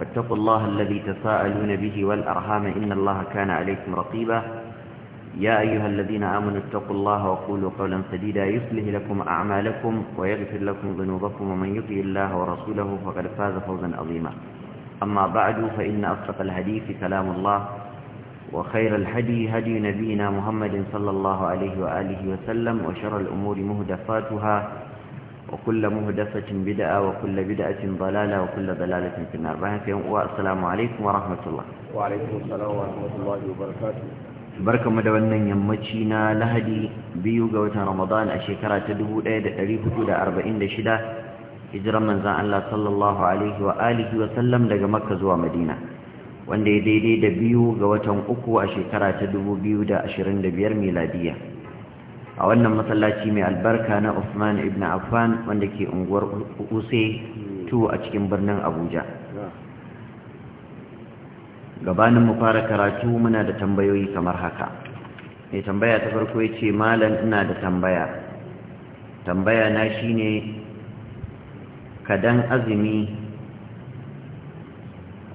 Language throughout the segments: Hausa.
واتقوا الله الذي تساءلون به والأرهام إن الله كان عليكم رقيبا يا أيها الذين آمنوا اتقوا الله وقولوا قولا سديدا يصلح لكم أعمالكم ويغفر لكم ذنوبكم ومن يطيع الله ورسوله فقد فاز فوزا عظيما أما بعد فإن أصدق الحديث كلام الله وخير الهدي هدي نبينا محمد صلى الله عليه وآله وسلم وشر الأمور مهدفاتها وكل مهدفة بدعة وكل بدعة ضلالة وكل ضلالة في النار بحث يوم السلام عليكم ورحمة الله وعليكم السلام ورحمة الله وبركاته barka mu da wannan yammaci na lahadi biyu ga watan ramadan a shekara ta 1446 hijiran manzan Allah sallallahu alaihi wa alihi wa sallam daga makka zuwa madina wanda ya daidai da biyu ga watan uku a shekara ta 2025 miladiya a wannan masallaci mai albarka na Usman ibn Affan wanda ke unguwar Use tu a cikin birnin Abuja gabanin mu fara karatu muna da tambayoyi kamar haka mai tambaya ta farko yace malam ina da tambaya tambaya na shine kadan azumi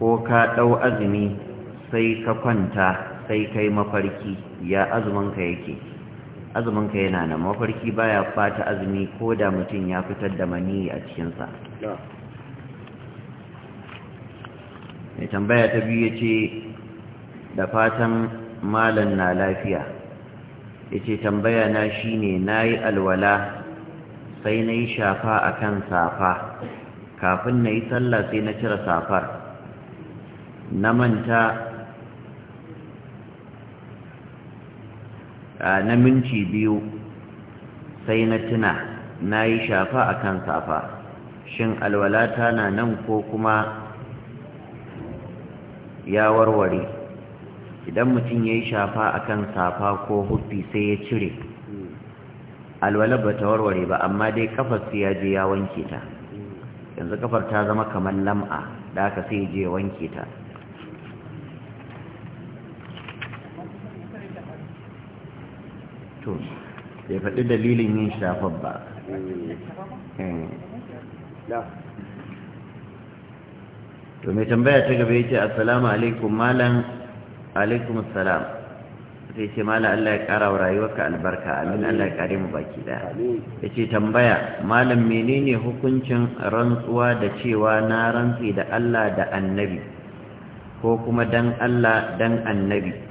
ko ka ɗau azumi sai ka kwanta sai kai mafarki ya azumin ka yake azumin ka yana nan mafarki baya fata azumi ko da mutum ya fitar da mani a cikinsa mai tambaya ta biyu ya ce da fatan malan na lafiya ya ce tambaya na shine ne na yi alwala sai na yi shafa a kan safa kafin na yi sallah sai na cire safar na manta na minci biyu sai na tuna na yi shafa a kan safa shin alwalata na nan ko kuma ya warware idan mutum ya yi shafa a kan safa ko hufi sai ya cire alwala ba ta warware ba amma dai kafar su ya je ya wanke ta yanzu kafar ta zama kamar lam'a da aka sai je ya wanke ta to bai faɗi dalilin yin shafar ba to mai tambaya ta gaba ce, assalamu alaikum malam alaikum assalam sai ce malam Allah ya kara wa rayuwarka albarka amin Allah ya kare mu baki daya ce, tambaya malam menene hukuncin rantsuwa da cewa na rantsi da Allah da annabi ko kuma dan Allah dan annabi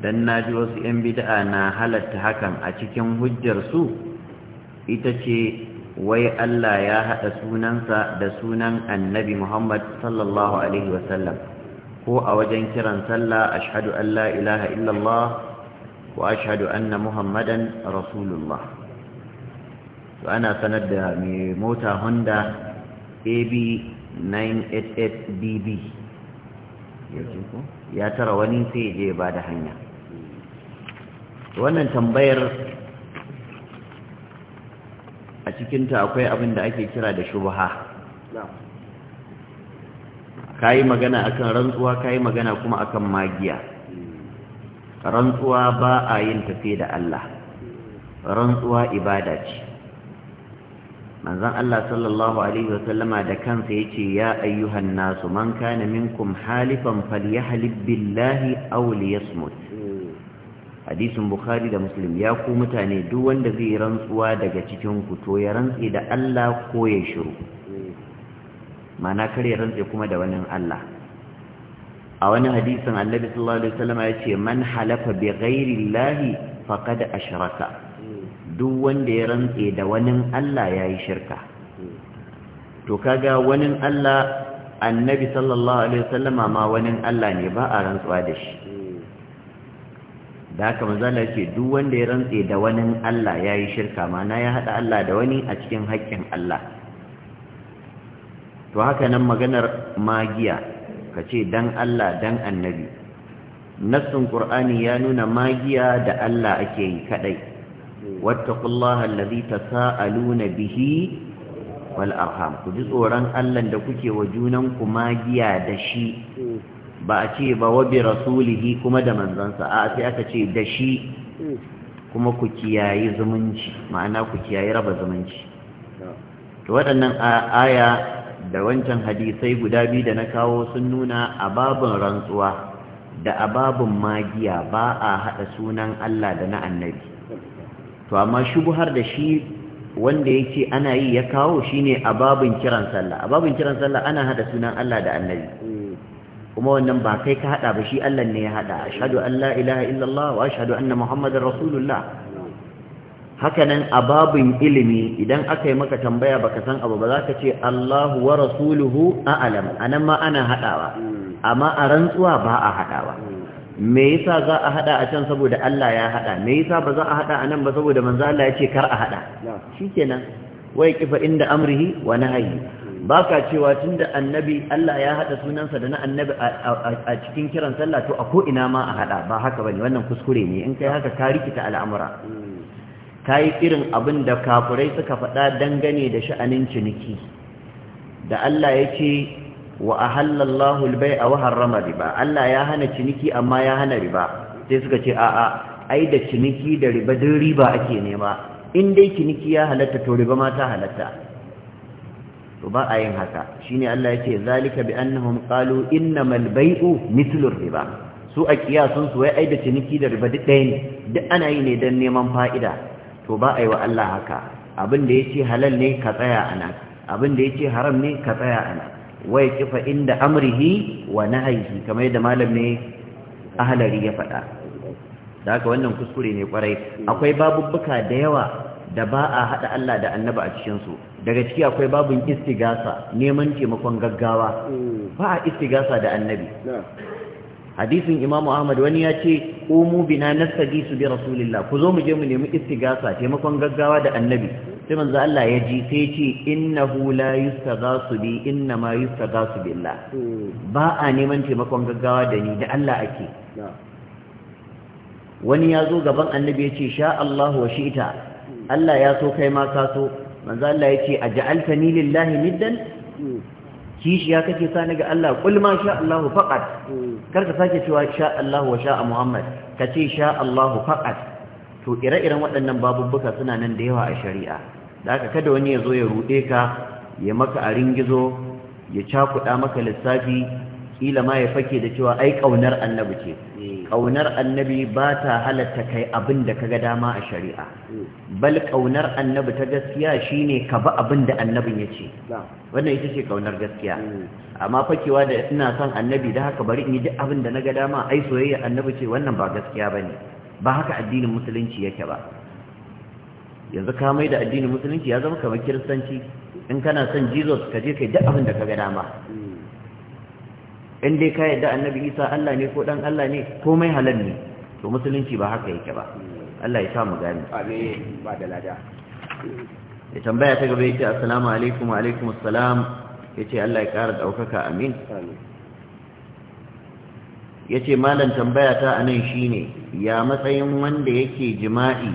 dan na ji wasu 'yan bid'a na halatta hakan a cikin hujjarsu ita ce wai Allah ya haɗa sunansa da sunan annabi Muhammad sallallahu Alaihi wasallam ko a wajen kiran sallah ashhadu an la ilaha illallah wa ashhadu anna muhammadan rasulullah to ana sanar da mai mota honda ab 988bb ya tara wani sai je ba da hanya wannan tambayar a cikinta akwai abin da ake kira da shubha kayi magana akan rantsuwa kayi magana kuma akan magiya rantsuwa ba a yin tafe da Allah rantsuwa ibada ce manzon Allah sallallahu alaihi wasallama da kansa yace ya ayyuhan nasu man kana minkum halifan falyahlib billahi aw liyasmut hadisin bukhari da muslim ya ku mutane duk wanda zai rantsuwa daga cikin ku to ya rantse da Allah ko ya shiru mana ya rantse kuma da wani Allah a wani hadisin annabi sallallahu alaihi wasallam ya ce man halafa bi ghairi llahi faqad ashraka duk wanda ya rantse da wani Allah yayi shirka to kaga wani Allah annabi sallallahu alaihi wasallama ma wani Allah ne ba a rantsuwa da shi da haka manzala ce duk wanda ya rantse da wani Allah ya yi shirka mana ya haɗa Allah da wani a cikin haƙƙin Allah to haka nan maganar magiya ka ce dan Allah dan annabi nassin ƙur'ani ya nuna magiya da Allah ake yi kaɗai wattaqullaha allazi tasaaluna bihi wal arham ku ji tsoron Allah da kuke wa junanku magiya da shi ba a ce ba wa bi rasulihi kuma da manzansa a sai aka ce da shi kuma ku kiyayi zumunci ma'ana ku kiyayi raba zumunci to waɗannan aya da wancan hadisai guda biyu da na kawo sun nuna a babin rantsuwa da a babin magiya ba a haɗa sunan Allah da na annabi to amma shubuhar da shi wanda yake ana yi ya kawo shine a babin kiran sallah a babin kiran sallah ana haɗa sunan Allah da annabi kuma wannan ba kai ka hada ba shi Allah ne ya hada ashhadu an la ilaha illallah wa ashhadu anna muhammadar rasulullah hakanan a ilimi idan aka yi maka tambaya baka san abu ba za ka ce Allahu wa rasuluhu a'lam anan ma ana hadawa amma a rantsuwa ba a hadawa me yasa za a hada a can saboda Allah ya hada me yasa ba za a hada anan ba saboda manzo Allah ya ce kar a hada shikenan wai kifa inda amrihi wa nahyi ba ka cewa tun da annabi Allah ya haɗa sunansa da na annabi a cikin kiran sallah to a ko'ina ma a haɗa ba haka ba ne wannan kuskure ne in kai haka ka rikita al'amura ka yi irin abin da kafurai suka faɗa dangane da sha'anin ciniki da Allah ya ce wa a hallallahu albai a wahar riba Allah ya hana ciniki amma ya hana riba sai suka ce a'a ai da ciniki da riba duk riba ake nema in dai ciniki ya halatta to riba ma ta halatta to ba a yin haka shine Allah yake zalika bi annahum qalu innamal bay'u mithlu riba su a kiyasun su wai ai da ciniki da riba duk ɗaya ne duk ana yi ne dan neman fa'ida to ba a yi wa Allah haka abin da yace halal ne ka tsaya ana abin da yace haram ne ka tsaya ana wai kifa inda amrihi wa nahyihi kamar yadda malam ne ahlari ya faɗa da haka wannan kuskure ne kwarai akwai babubbuka da yawa da ba a haɗa Allah da annaba a cikinsu daga ciki akwai babin istigasa neman taimakon gaggawa ba a istigasa da annabi hadisin imamu ahmad wani ya ce umu bina su bi rasulillah ku zo mu je mu nemi istigasa taimakon gaggawa da annabi sai manzo Allah ya ji sai ce innahu la yustaghasu bi inna ma yustaghasu billah hmm. ba a neman taimakon gaggawa da ni da Allah ake wani ya zo gaban annabi ya ce sha Allah wa shi'ita Allah ya so kai ma ka so manzo Allah yace aj'altani lillahi niddan kishiya kake sa ni ga Allah kul ma sha faqat kar ka sake cewa sha Allahu wa sha Muhammad kace sha Allahu faqat to ire-iren waɗannan babubbuka suna nan da yawa a shari'a da haka kada wani ya zo ya rude ka ya maka a ringizo ya cakuɗa maka lissafi kila ma ya fake da cewa ai kaunar annabi ce eh. kaunar annabi ba ta halatta kai abin da ga dama a shari'a eh. bal kaunar annabi ta gaskiya shine ka ba abin da annabin ya ce wannan ita ce kaunar gaskiya eh. amma fakewa da ina son annabi da haka bari in yi duk abin da ga dama ai soyayya annabi ce wannan ba gaskiya ne ba haka addinin musulunci yake ba yanzu ka mai da addinin musulunci ya zama kamar kiristanci in kana son jesus ka je kai duk abin da ga dama in dai ka yadda annabi isa Allah ne ko dan Allah ne komai halal ne to musulunci ba haka yake ba Allah ya sa mu gani amin ba da lada ya tambaya ta gaba yace assalamu alaikum wa alaikum assalam yace Allah ya kara daukaka amin yace malam tambaya ta anan shine ya matsayin wanda yake jima'i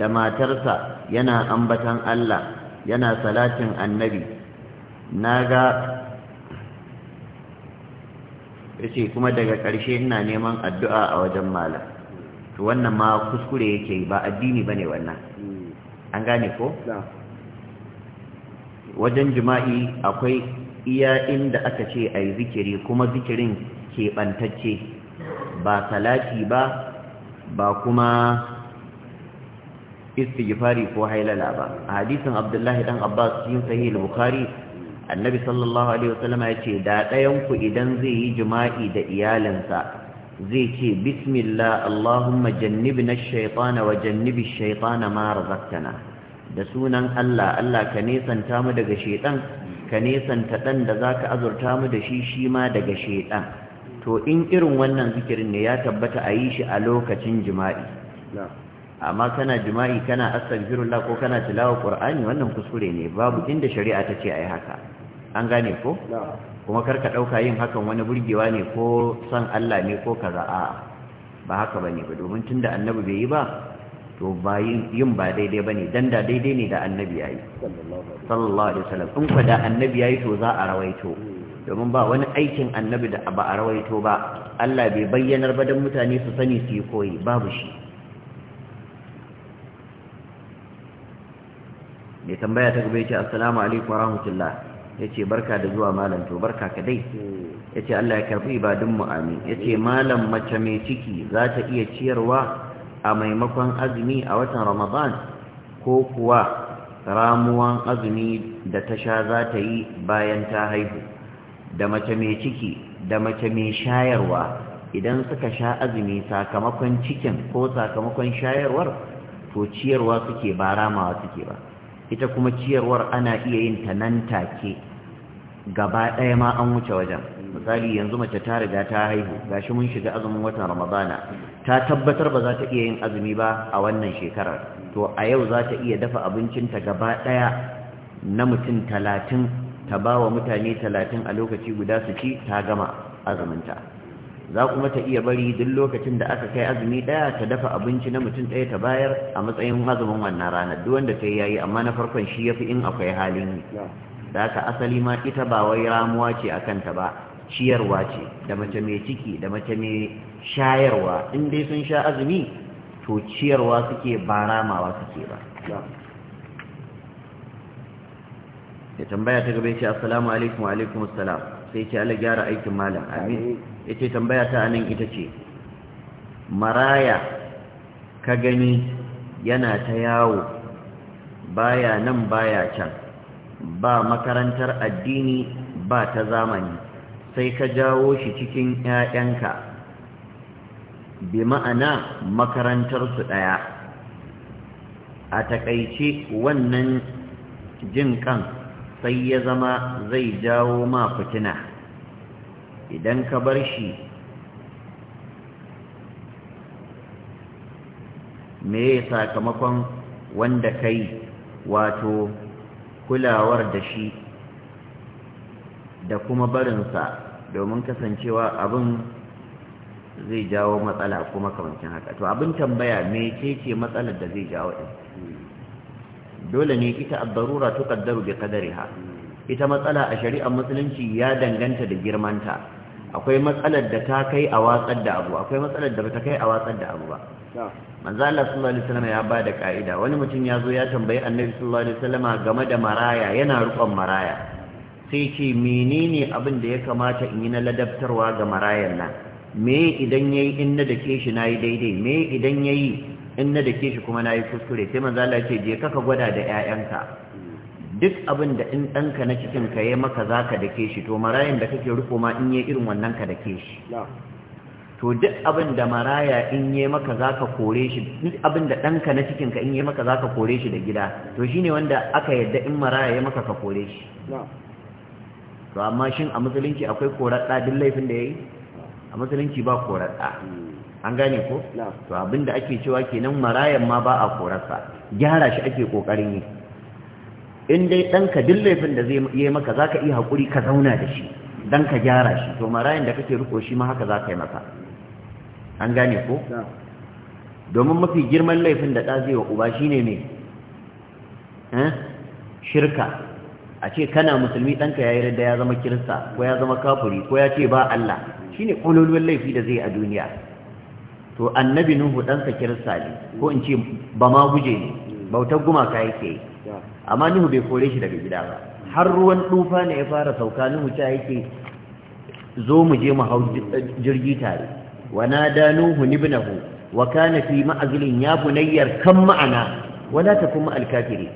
da matarsa yana ambatan Allah yana salatin annabi naga yace kuma daga ƙarshe ina neman addu'a a wajen malam to wannan ma kuskure yake ba addini bane wannan an gane ko wajen jima'i akwai iya inda aka ce a yi zikiri kuma zikirin keɓantacce ba salati ba ba kuma istighfari ko hailala ba a hadisin abdullahi dan abbas yin sahih al-bukhari annabi sallallahu alaihi wasallam ya ce da ɗayan ku idan zai yi jima'i da iyalinsa, zai ce bismillah allahumma jannibi na shaytana wa jannibi ash ma da sunan Allah Allah ka nesanta mu daga shaytan ka nesanta ɗan da zaka azurta mu da shi shi ma daga shaytan to in irin wannan zikirin ne ya tabbata a yi shi a lokacin jima'i amma kana jima'i kana astaghfirullah ko kana tilawa qur'ani wannan kuskure ne babu inda shari'a ta ce ayi haka an gane ko kuma kar ka ɗauka yin hakan wani burgewa ne ko son Allah ne ko kaza a ba haka bane ba domin tunda annabi bai yi ba to ba yin ba daidai bane dan da daidai ne da annabi yayi sallallahu alaihi wasallam in kwa da annabi yayi to za a rawaito domin ba wani aikin annabi da ba a rawaito ba Allah bai bayyanar ba dan mutane su sani su yi koyi babu shi mai tambaya ta gaba ce assalamu alaikum wa rahmatullah ya ce barka da zuwa malam to barka ka dai hmm. ya ce Allah ya karfi mu amin ya ce malam mace mai ciki za ta iya ciyarwa a maimakon azumi a watan ramadan ko kuwa ramuwan azumi da ta sha za ta yi bayan ta haihu da mace mai ciki da mace mai shayarwa idan suka sha azumi sakamakon cikin ko sakamakon shayarwar to ciyarwa suke ba ramawa suke ba ita kuma ciyarwar ana iya yin ta nan take gaba ɗaya ma an wuce wajen misali yanzu mace ta riga ta haihu gashi mun shiga azumin watan ramadana ta tabbatar ba za ta iya yin azumi ba a wannan shekarar to a yau za ta iya dafa abincinta gaba ɗaya na mutum talatin ta ba wa mutane talatin a lokaci guda su ci ta gama azuminta za kuma ta iya bari duk lokacin da aka kai azumi ɗaya ta dafa abinci na mutum ɗaya ta bayar a matsayin azumin wannan ranar duk wanda ta yayi amma na farkon shi yafi in akwai halin yi da aka asali ma ita ba wai ramuwa ce a kanta ba ciyarwa ce da mace mai ciki da mace mai shayarwa in dai sun sha azumi to ciyarwa suke ba ramawa suke ba ya tambaya ta gaba ya ce assalamu alaikum wa alaikum assalam sai ce ala gyara aikin malam amin yace tambaya ta anan ita ce maraya ka gani yana ta yawo baya nan baya can ba makarantar addini ba ta zamani sai ka jawo shi cikin 'ya'yanka bi ma'ana makarantar su ɗaya a taƙaice wannan jin kan sai ya zama zai jawo ma fitina idan ka bar shi me sakamakon wanda kai wato kulawar da shi da kuma barinsa domin kasancewa abin zai jawo matsala kuma kamancin haka to abin tambaya me ce ce matsalar da zai jawo ɗin dole ne ita abdarura tuqaddaru bi qadariha ita matsala a shari'ar musulunci ya danganta da girmanta akwai matsalar da ta kai a watsar da abu akwai matsalar da ta kai a watsar da abu ba manzo Allah sallallahu alaihi wasallam ya bada kaida wani mutum ya zo ya tambayi annabi sallallahu alaihi wasallam game da maraya yana rukon maraya sai ce menene abin da ya kamata in yi na ladabtarwa ga marayan nan me idan yayi in na dake shi nayi daidai me idan yayi in na dake shi kuma nayi kuskure sai manzo Allah ya ce je kaka gwada da ƴaƴanka duk abin da in ɗanka na cikin ka yi maka za ka dake shi to marayan da kake rufo ma in yi irin wannan ka dake shi to duk abin da maraya in yi maka za ka kore shi duk abin da ɗanka na cikin ka in yi maka za ka kore shi da gida to shi ne wanda aka yadda in maraya ya maka ka kore shi to amma shin a musulunci akwai korar ɗa duk laifin da ya yi a musulunci ba korar ɗa an gane ko to abin da ake cewa kenan marayan ma ba a korarsa gyara shi ake ƙoƙarin yi in dai ɗanka duk laifin da zai yi maka za ka iya haƙuri ka zauna da shi don ka gyara shi to marayin da kake riko shi ma haka za ka yi maka an gane ko domin mafi girman laifin da ɗazi wa uba shi ne mai eh? shirka a ce kana musulmi ɗanka ya yi da ya zama kirista ko ya zama kafuri ko ya ce ba Allah shi ne ƙololuwar laifi da zai a duniya to annabi nuhu ɗansa kirista ne ko in ce ba ma guje ne bautar gumaka yake yi amma nuhu bai kore shi daga gida ba har ruwan tufa ne ya fara sauka nuhu ta yake zo mu je mu hau jirgi tare wa nada nuhu ibnahu wa kana fi ma'azilin ya bunayyar kan ma'ana wala takun ma'al kafiri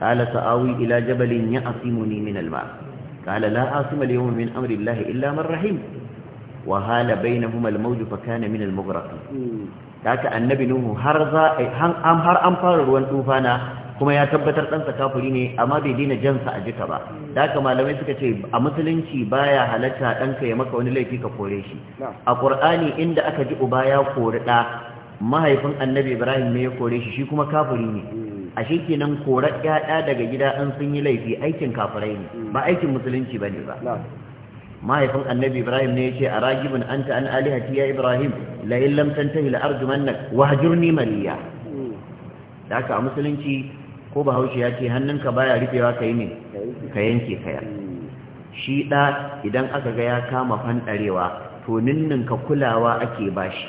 qala sa'awi ila jabalin ya'simuni min al-ma' qala la asima al-yawma min amri allahi illa man rahim wa hala bainahuma al-mawj fa kana min al-mughraqin haka hmm. annabi nuhu har za har an fara ruwan tufana kuma ya tabbatar ɗansa kafuri ne amma bai dina jansa a jika ba da haka malamai suka ce a musulunci baya halatta ɗanka ya maka wani laifi ka kore shi a ƙur'ani inda aka ji uba ya kori ɗa mahaifin annabi ibrahim ne ya kore shi shi kuma kafuri ne hmm. a shi kenan kora ɗaya daga gida an sun yi laifi aikin kafurai ne hmm. ba aikin musulunci bane ba mahaifin annabi ibrahim ne ya ce a ragibin anta an alihati ya ibrahim la illam tantahi la wahjurni maliya hmm. da haka a musulunci ko bahaushe ya ce hannunka baya rufewa ka yi ne ka yanke kaya shi ɗa idan aka ga ya kama fanɗarewa to ninninka kulawa ake bashi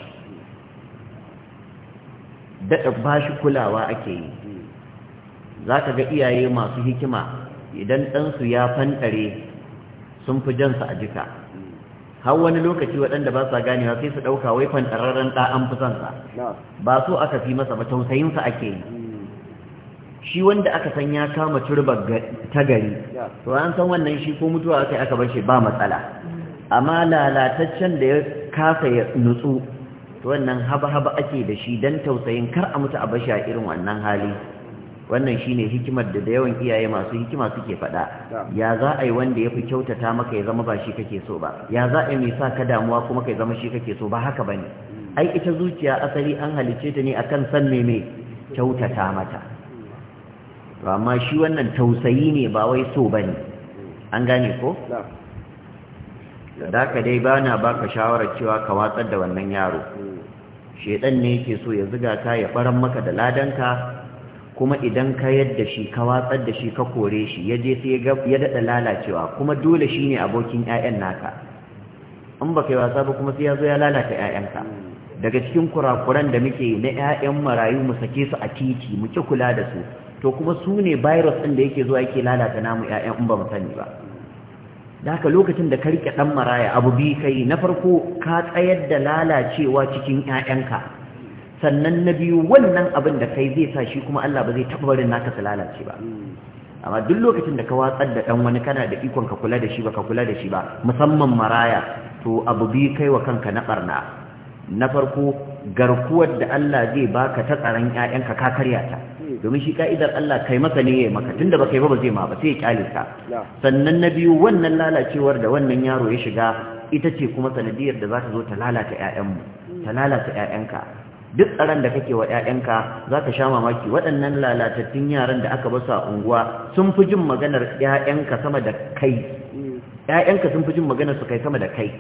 daɗa bashi kulawa ake yi za ka ga iyaye masu hikima idan ɗansu ya fanɗare sun fi jansa a jika har wani lokaci waɗanda ba sa ganewa sai su ɗauka wai fanɗararren ɗa an ba so aka fi masa ba tausayinsa ake yi shi wanda aka san ya kama turba ta gari to an san wannan shi ko mutuwa aka aka bar shi ba matsala amma lalataccen da ya kasa ya nutsu to wannan haba-haba ake da shi dan tausayin kar a mutu a bashi a irin wannan hali wannan shine hikimar da da yawan iyaye masu hikima suke faɗa ya za a yi wanda ya fi kyautata maka ya zama ba shi kake so ba ya za a yi mai sa ka damuwa kuma ka zama shi kake so ba haka bane ai ita zuciya asali an halicce ta ne akan san meme kyautata mata to amma shi wannan tausayi ne ba wai so bane an gane ko da ka dai bana baka shawarar cewa ka watsar da wannan yaro hmm. shedan ne yake so ya zuga ka ya faran maka da ladanka kuma idan ka yadda shi ka watsar da shi ka kore shi ya je sai ya daɗa lalacewa kuma dole shi ne abokin 'ya'yan naka in baka yi wasa ba kuma sai ya zo ya lalata 'ya'yanka hmm. daga cikin kurakuran da muke na 'ya'yan marayu mu sake su a titi muke kula da su to kuma su ne virus ɗin da yake zuwa yake lalata namu ƴaƴan in ba mu sani ba da haka lokacin da ka rike ɗan maraya abu biyu kai na farko ka tsayar da lalacewa cikin ƴaƴanka sannan na biyu wannan abin da kai zai sa shi kuma Allah ba zai taɓa barin naka su lalace ba amma duk lokacin da ka watsar da ɗan wani kana da ikon ka kula da shi ba ka kula da shi ba musamman maraya to abu biyu kai wa kanka na ɓarna na farko garkuwar da Allah zai baka ta tsaron ƴaƴanka ka karya ta domin shi ka'idar Allah kai maka ne ya maka tunda ba kai ba ba zai ma ba sai ya kyale ka sannan na biyu wannan lalacewar da wannan yaro ya shiga ita ce kuma sanadiyar da za ta zo ta lalata ƴaƴanmu ta lalata ƴaƴanka duk tsaron da kake wa 'ya'yanka za ka sha mamaki waɗannan lalatattun yaran da aka basu a unguwa sun fi jin maganar ƴaƴanka mm. jin maganar su kai sama da kai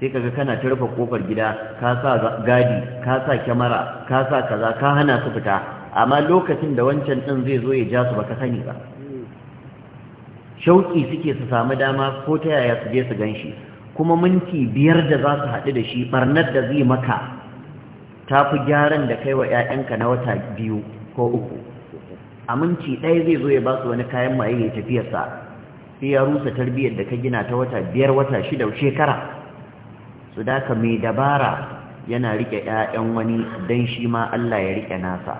sai kaga kana ta rufe kofar gida ka sa gadi ka sa kyamara ka sa kaza ka hana su fita amma lokacin da wancan ɗin zai zo ya ja su baka sani ba shauki suke su samu dama ko ta yaya su je su ganshi kuma minti biyar da za su haɗu da shi barnar da zai maka ta fi gyaran da kai wa 'ya'yanka na wata biyu ko uku a minti ɗaya zai zo ya ba su wani kayan maye ya tafiyarsa sai ya rusa tarbiyyar da ka gina ta wata biyar wata shida shekara su daka mai dabara yana rike ƴaƴan wani dan shi ma Allah ya rike nasa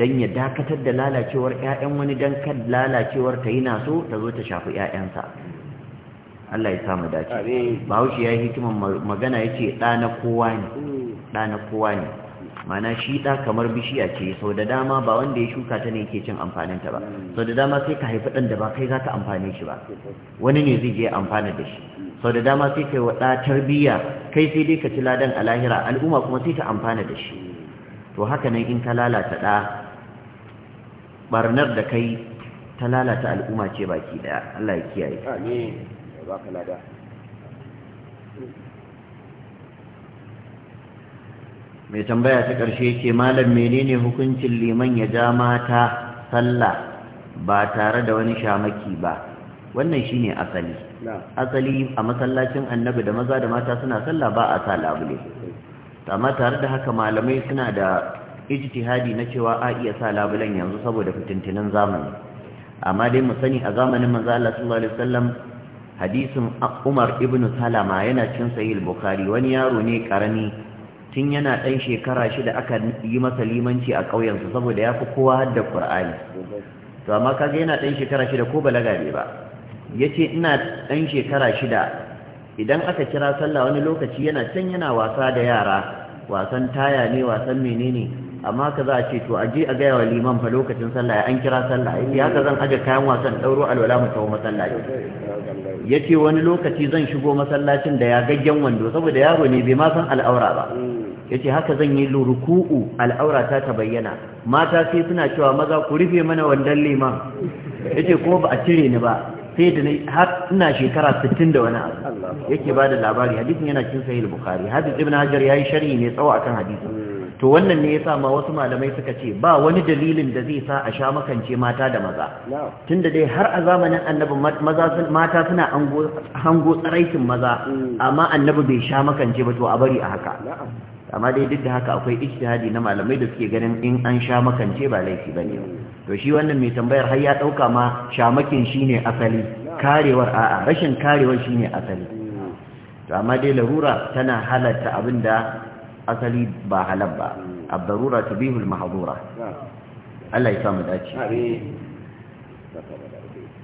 dan ya dakatar da lalacewar ƴaƴan wani dan kad lalacewar ta yi naso ta zo ta shafi ƴaƴansa Allah ya samu dace Bahaushe ya yi hikiman magana yace ɗa na kowa ne mm. ɗa na kowa ne mana shi ɗa kamar bishiya ce sau da dama ba wanda ya shuka ta ne yake cin amfanin ta ba sau da dama sai ka haifi ɗan da ba kai za ka amfane shi ba wani ne zai je amfana da shi sau da dama sai kai waɗa tarbiyya kai sai dai ka ci ladan a lahira al'umma kuma sai ta amfana da shi to haka nan in ka lalata ɗa barnar da kai ta lalata al'umma ce baki ɗaya Allah ya kiyaye. Amin. ba ka lada. mai tambaya ta ƙarshe ce malam menene hukuncin liman ya ja mata sallah ba tare da wani shamaki ba wannan shine asali asali a masallacin annabi da maza da mata suna sallah ba a sa labule amma tare da haka malamai suna da ijtihadi na cewa a iya sa labulen yanzu saboda fitintinin zamani amma dai mu sani a zamanin manzo Allah sallallahu alaihi wasallam hadisin Umar ibn Salama yana cin sahih al-Bukhari wani yaro ne karami tun yana ɗan shekara shida aka yi masa limanci a ƙauyensu saboda ya fi kowa hadda ƙur'ani to amma kaga yana ɗan shekara shida ko balaga ne ba ya ce ina ɗan shekara shida idan aka kira sallah wani lokaci yana can yana wasa da yara wasan taya ne wasan menene amma ka za a ce to a je a gaya wa liman fa lokacin sallah an kira sallah ya haka zan aje kayan wasan ɗauro alwala mu tawo masallaci Yace wani lokaci zan shigo masallacin da ya gaggen wando saboda yaro ne bai ma san al'aura ba yace haka zan yi ruku'u al'aura ta ta bayyana mata sai suna cewa maza ku rufe mana wandon liman yace kuma ba a cire ni ba sai da har ina shekara 60 da wani abu yake bada labari hadisin yana cikin sahih bukhari hadis ibn hajar yayi sharhi ne tsawo akan hadisi hmm. to wannan ne yasa ma wasu malamai suka ce ba wani dalilin da zai sa a sha makance mata da maza tunda dai har a zamanin annabi maza mata suna hango tsaraikin maza hmm. amma annabi bai sha makance ba to a bari a haka amma dai duk da haka akwai ijtihadi na malamai da suke ganin in an sha makance ba laifi bane to shi wannan mai tambayar har ya dauka ma shamakin shine asali karewar a'a rashin karewar shine asali to amma dai larura tana halatta abinda asali ba halal ba abdarura tabihul mahdura Allah ya samu dace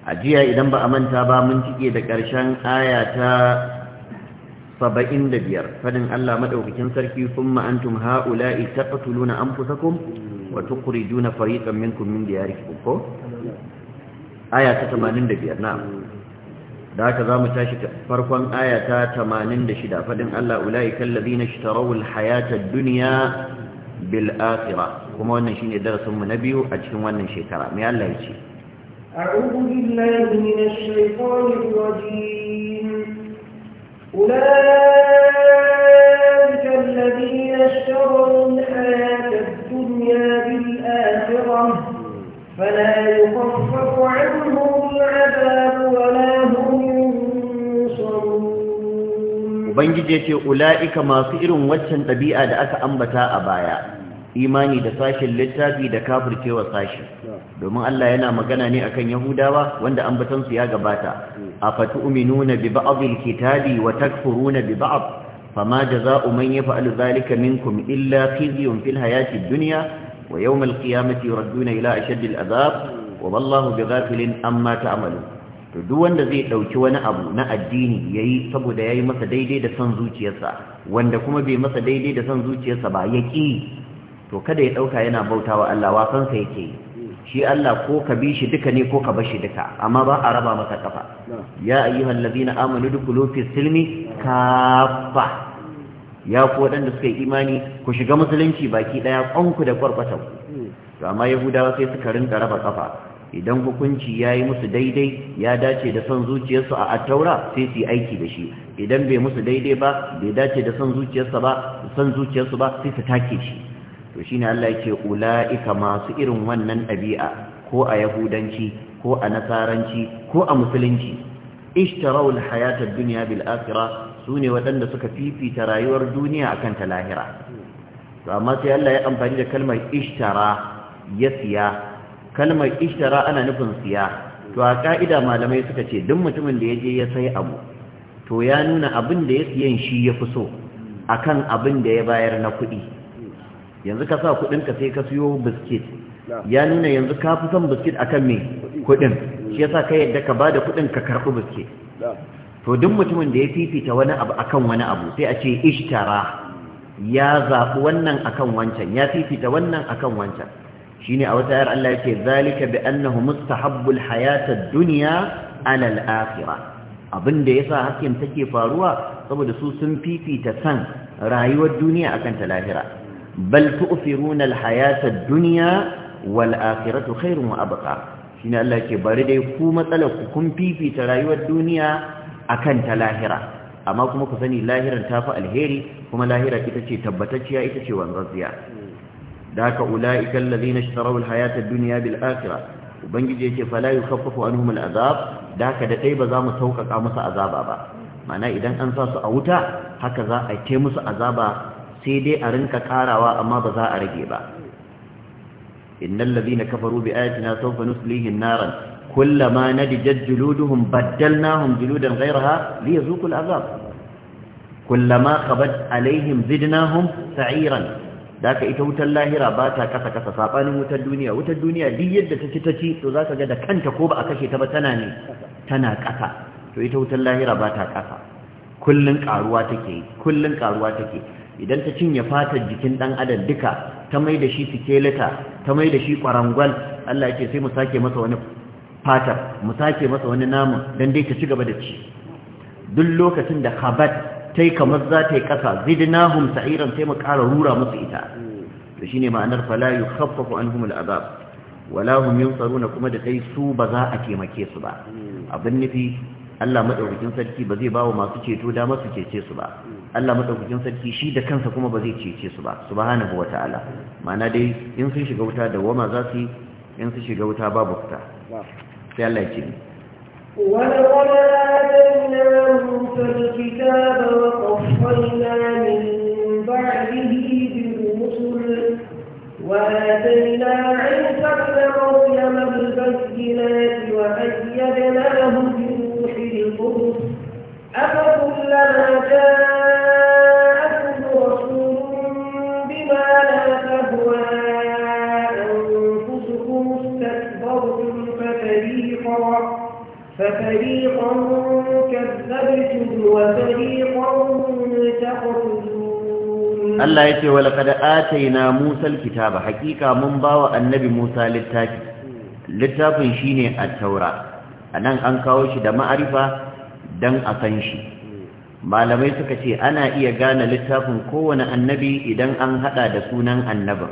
a jiya idan ba a manta ba mun cike da karshen aya ta saba'in da biyar fadin Allah maɗaukakin sarki sun ma'antum ha'ula'i ta ƙatuluna an fusakun wata ƙuriduna fariƙan minkum min da ya yari ko? aya ta tamanin da biyar na da haka za mu tashi farkon aya ta tamanin da shida fadin Allah ula'i kallabi na shitarawul hayata duniya bil akira kuma wannan shine darasinmu na biyu a cikin wannan shekara mai Allah ya ce أعوذ بالله من الشيطان الرجيم أولئك الذين اشتروا الحياة الدنيا بالآخرة فلا يخفف عنهم العذاب ولا هم ينصرون وبنجي ce ula'ika masu irin waccan ɗabi'a da aka ambata a baya imani da sashin littafi da kafircewa sashi domin Allah yana magana ne akan Yahudawa wanda ambatansu ya gabata أفتؤمنون ببعض الكتاب وتكفرون ببعض فما جزاء من يفعل ذلك منكم إلا خزي في الحياة الدنيا ويوم القيامة يردون إلى أشد الأذاب والله بغافل أما تعملون duk wanda zai dauki wani abu na addini yayi saboda yayi masa daidai da son zuciyarsa wanda kuma bai masa daidai da son zuciyarsa ba yaki to kada ya dauka yana bautawa Allah wasansa yake yi shi Allah ko ka bi shi duka ne ko ka bar shi duka amma ba a raba maka kafa ya ayyuhal ladina amanu dukulu fi silmi kafa ya ku waɗanda suka yi imani ku shiga musulunci baki daya kwanku da kwarkwata to amma yahudawa sai suka rinka raba kafa idan hukunci ya yi musu daidai ya dace da son zuciyarsu a attaura sai su yi aiki da shi idan bai musu daidai ba bai dace da son zuciyarsa ba son zuciyarsu ba sai su take shi to shine Allah yake ula'ika masu irin wannan ɗabi'a ko a yahudanci ko a nasaranci ko a musulunci ishtarau alhayata ad-dunya bil akhirah sune waɗanda suka fifita rayuwar duniya akan ta lahira to amma sai Allah ya amfani da kalmar ishtara ya siya kalmar ishtara ana nufin siya to a ka'ida malamai suka ce duk mutumin da ya je ya sai abu to ya nuna abin da ya siyan shi ya fi so akan abin da ya bayar na kuɗi yanzu ka sa kuɗinka sai ka siyo biskit ya nuna yanzu ka fi son biskit akan mai kuɗin mm. shi yasa ka yadda ka bada kuɗin ka karɓi biskit to duk mutumin da ya fifita wani abu akan wani abu sai a ce ishtara ya zaɓi wannan akan wancan ya fifita wannan akan wancan shine a wata yar Allah ce, zalika bi annahu mustahabbul hayatad duniya ala al-akhirah abinda yasa hakkin take faruwa saboda su sun fifita san rayuwar duniya akan ta lahira bal tu'thiruna al-hayata ad-dunya wal akhiratu khairun wa abqa Shin Allah ke bari dai ku matsalar ku kun fifita rayuwar duniya akan ta lahira amma kuma ku sani lahirar ta fi alheri kuma lahirar ita ce tabbatacciya ita ce wanzazziya da haka ula'ika allazina ishtaraw alhayata ad-dunya bil akhirah ubangiji yake fala yukhaffafu anhum al'azab da haka da dai ba za mu sauƙaƙa musu azaba ba mana idan an sa su a wuta haka za a kai musu azaba sai dai a rinka karawa amma ba za a rage ba innal ladhina kafaru bi ayatina sawfa nuslihim naran kullama nadijat juluduhum baddalnahum juludan ghayraha liyazuqu al'azab kullama khabat alaihim zidnahum sa'iran daka ita wutar lahira ba ta kasa kasa sabanin wutar duniya wutar duniya duk yadda ta ci ta ci to zaka ga da kanta ko ba a kashe ta ba tana ne tana kasa to ita wutar lahira ba ta kasa kullun karuwa take kullun karuwa take idan ta cinye fatar jikin dan adam duka ta mai da shi sikeleta ta mai da shi kwarangwal Allah ya ce sai mu sake masa wani fatar mu sake masa wani namun dan dai ta ci gaba da ci duk lokacin da khabat yi kamar za ta yi kasa zidnahum sa'iran sai mu ƙara rura musu ita to shine ma'anar fala yukhaffafu anhum al'adab wala hum yunsaruna kuma da dai su ba za a taimake su ba abin nufi Allah madaukakin sarki ba zai bawa masu ceto da masu cece su ba Allah madaukakin sarki shi da kansa kuma ba zai cece su ba subhanahu wata'ala ma'ana dai in sun shiga wuta da wama za su in sun shiga wuta babu fita sai Allah ya ce ولقد آتينا موسى الكتاب وقفينا من بعده بالرسل وآتينا عيسى ابن مريم البينات وأيدناه بروح القدس أفكلما جاء فريقا كذبتم وفريقا تقتلون الله يتي ولقد آتينا موسى الكتاب حقيقة من باوى النبي موسى للتاكي littafin shine at-taura anan an kawo shi da ma'arifa dan a san shi malamai suka ce ana iya gane littafin kowane annabi idan an hada da sunan annabin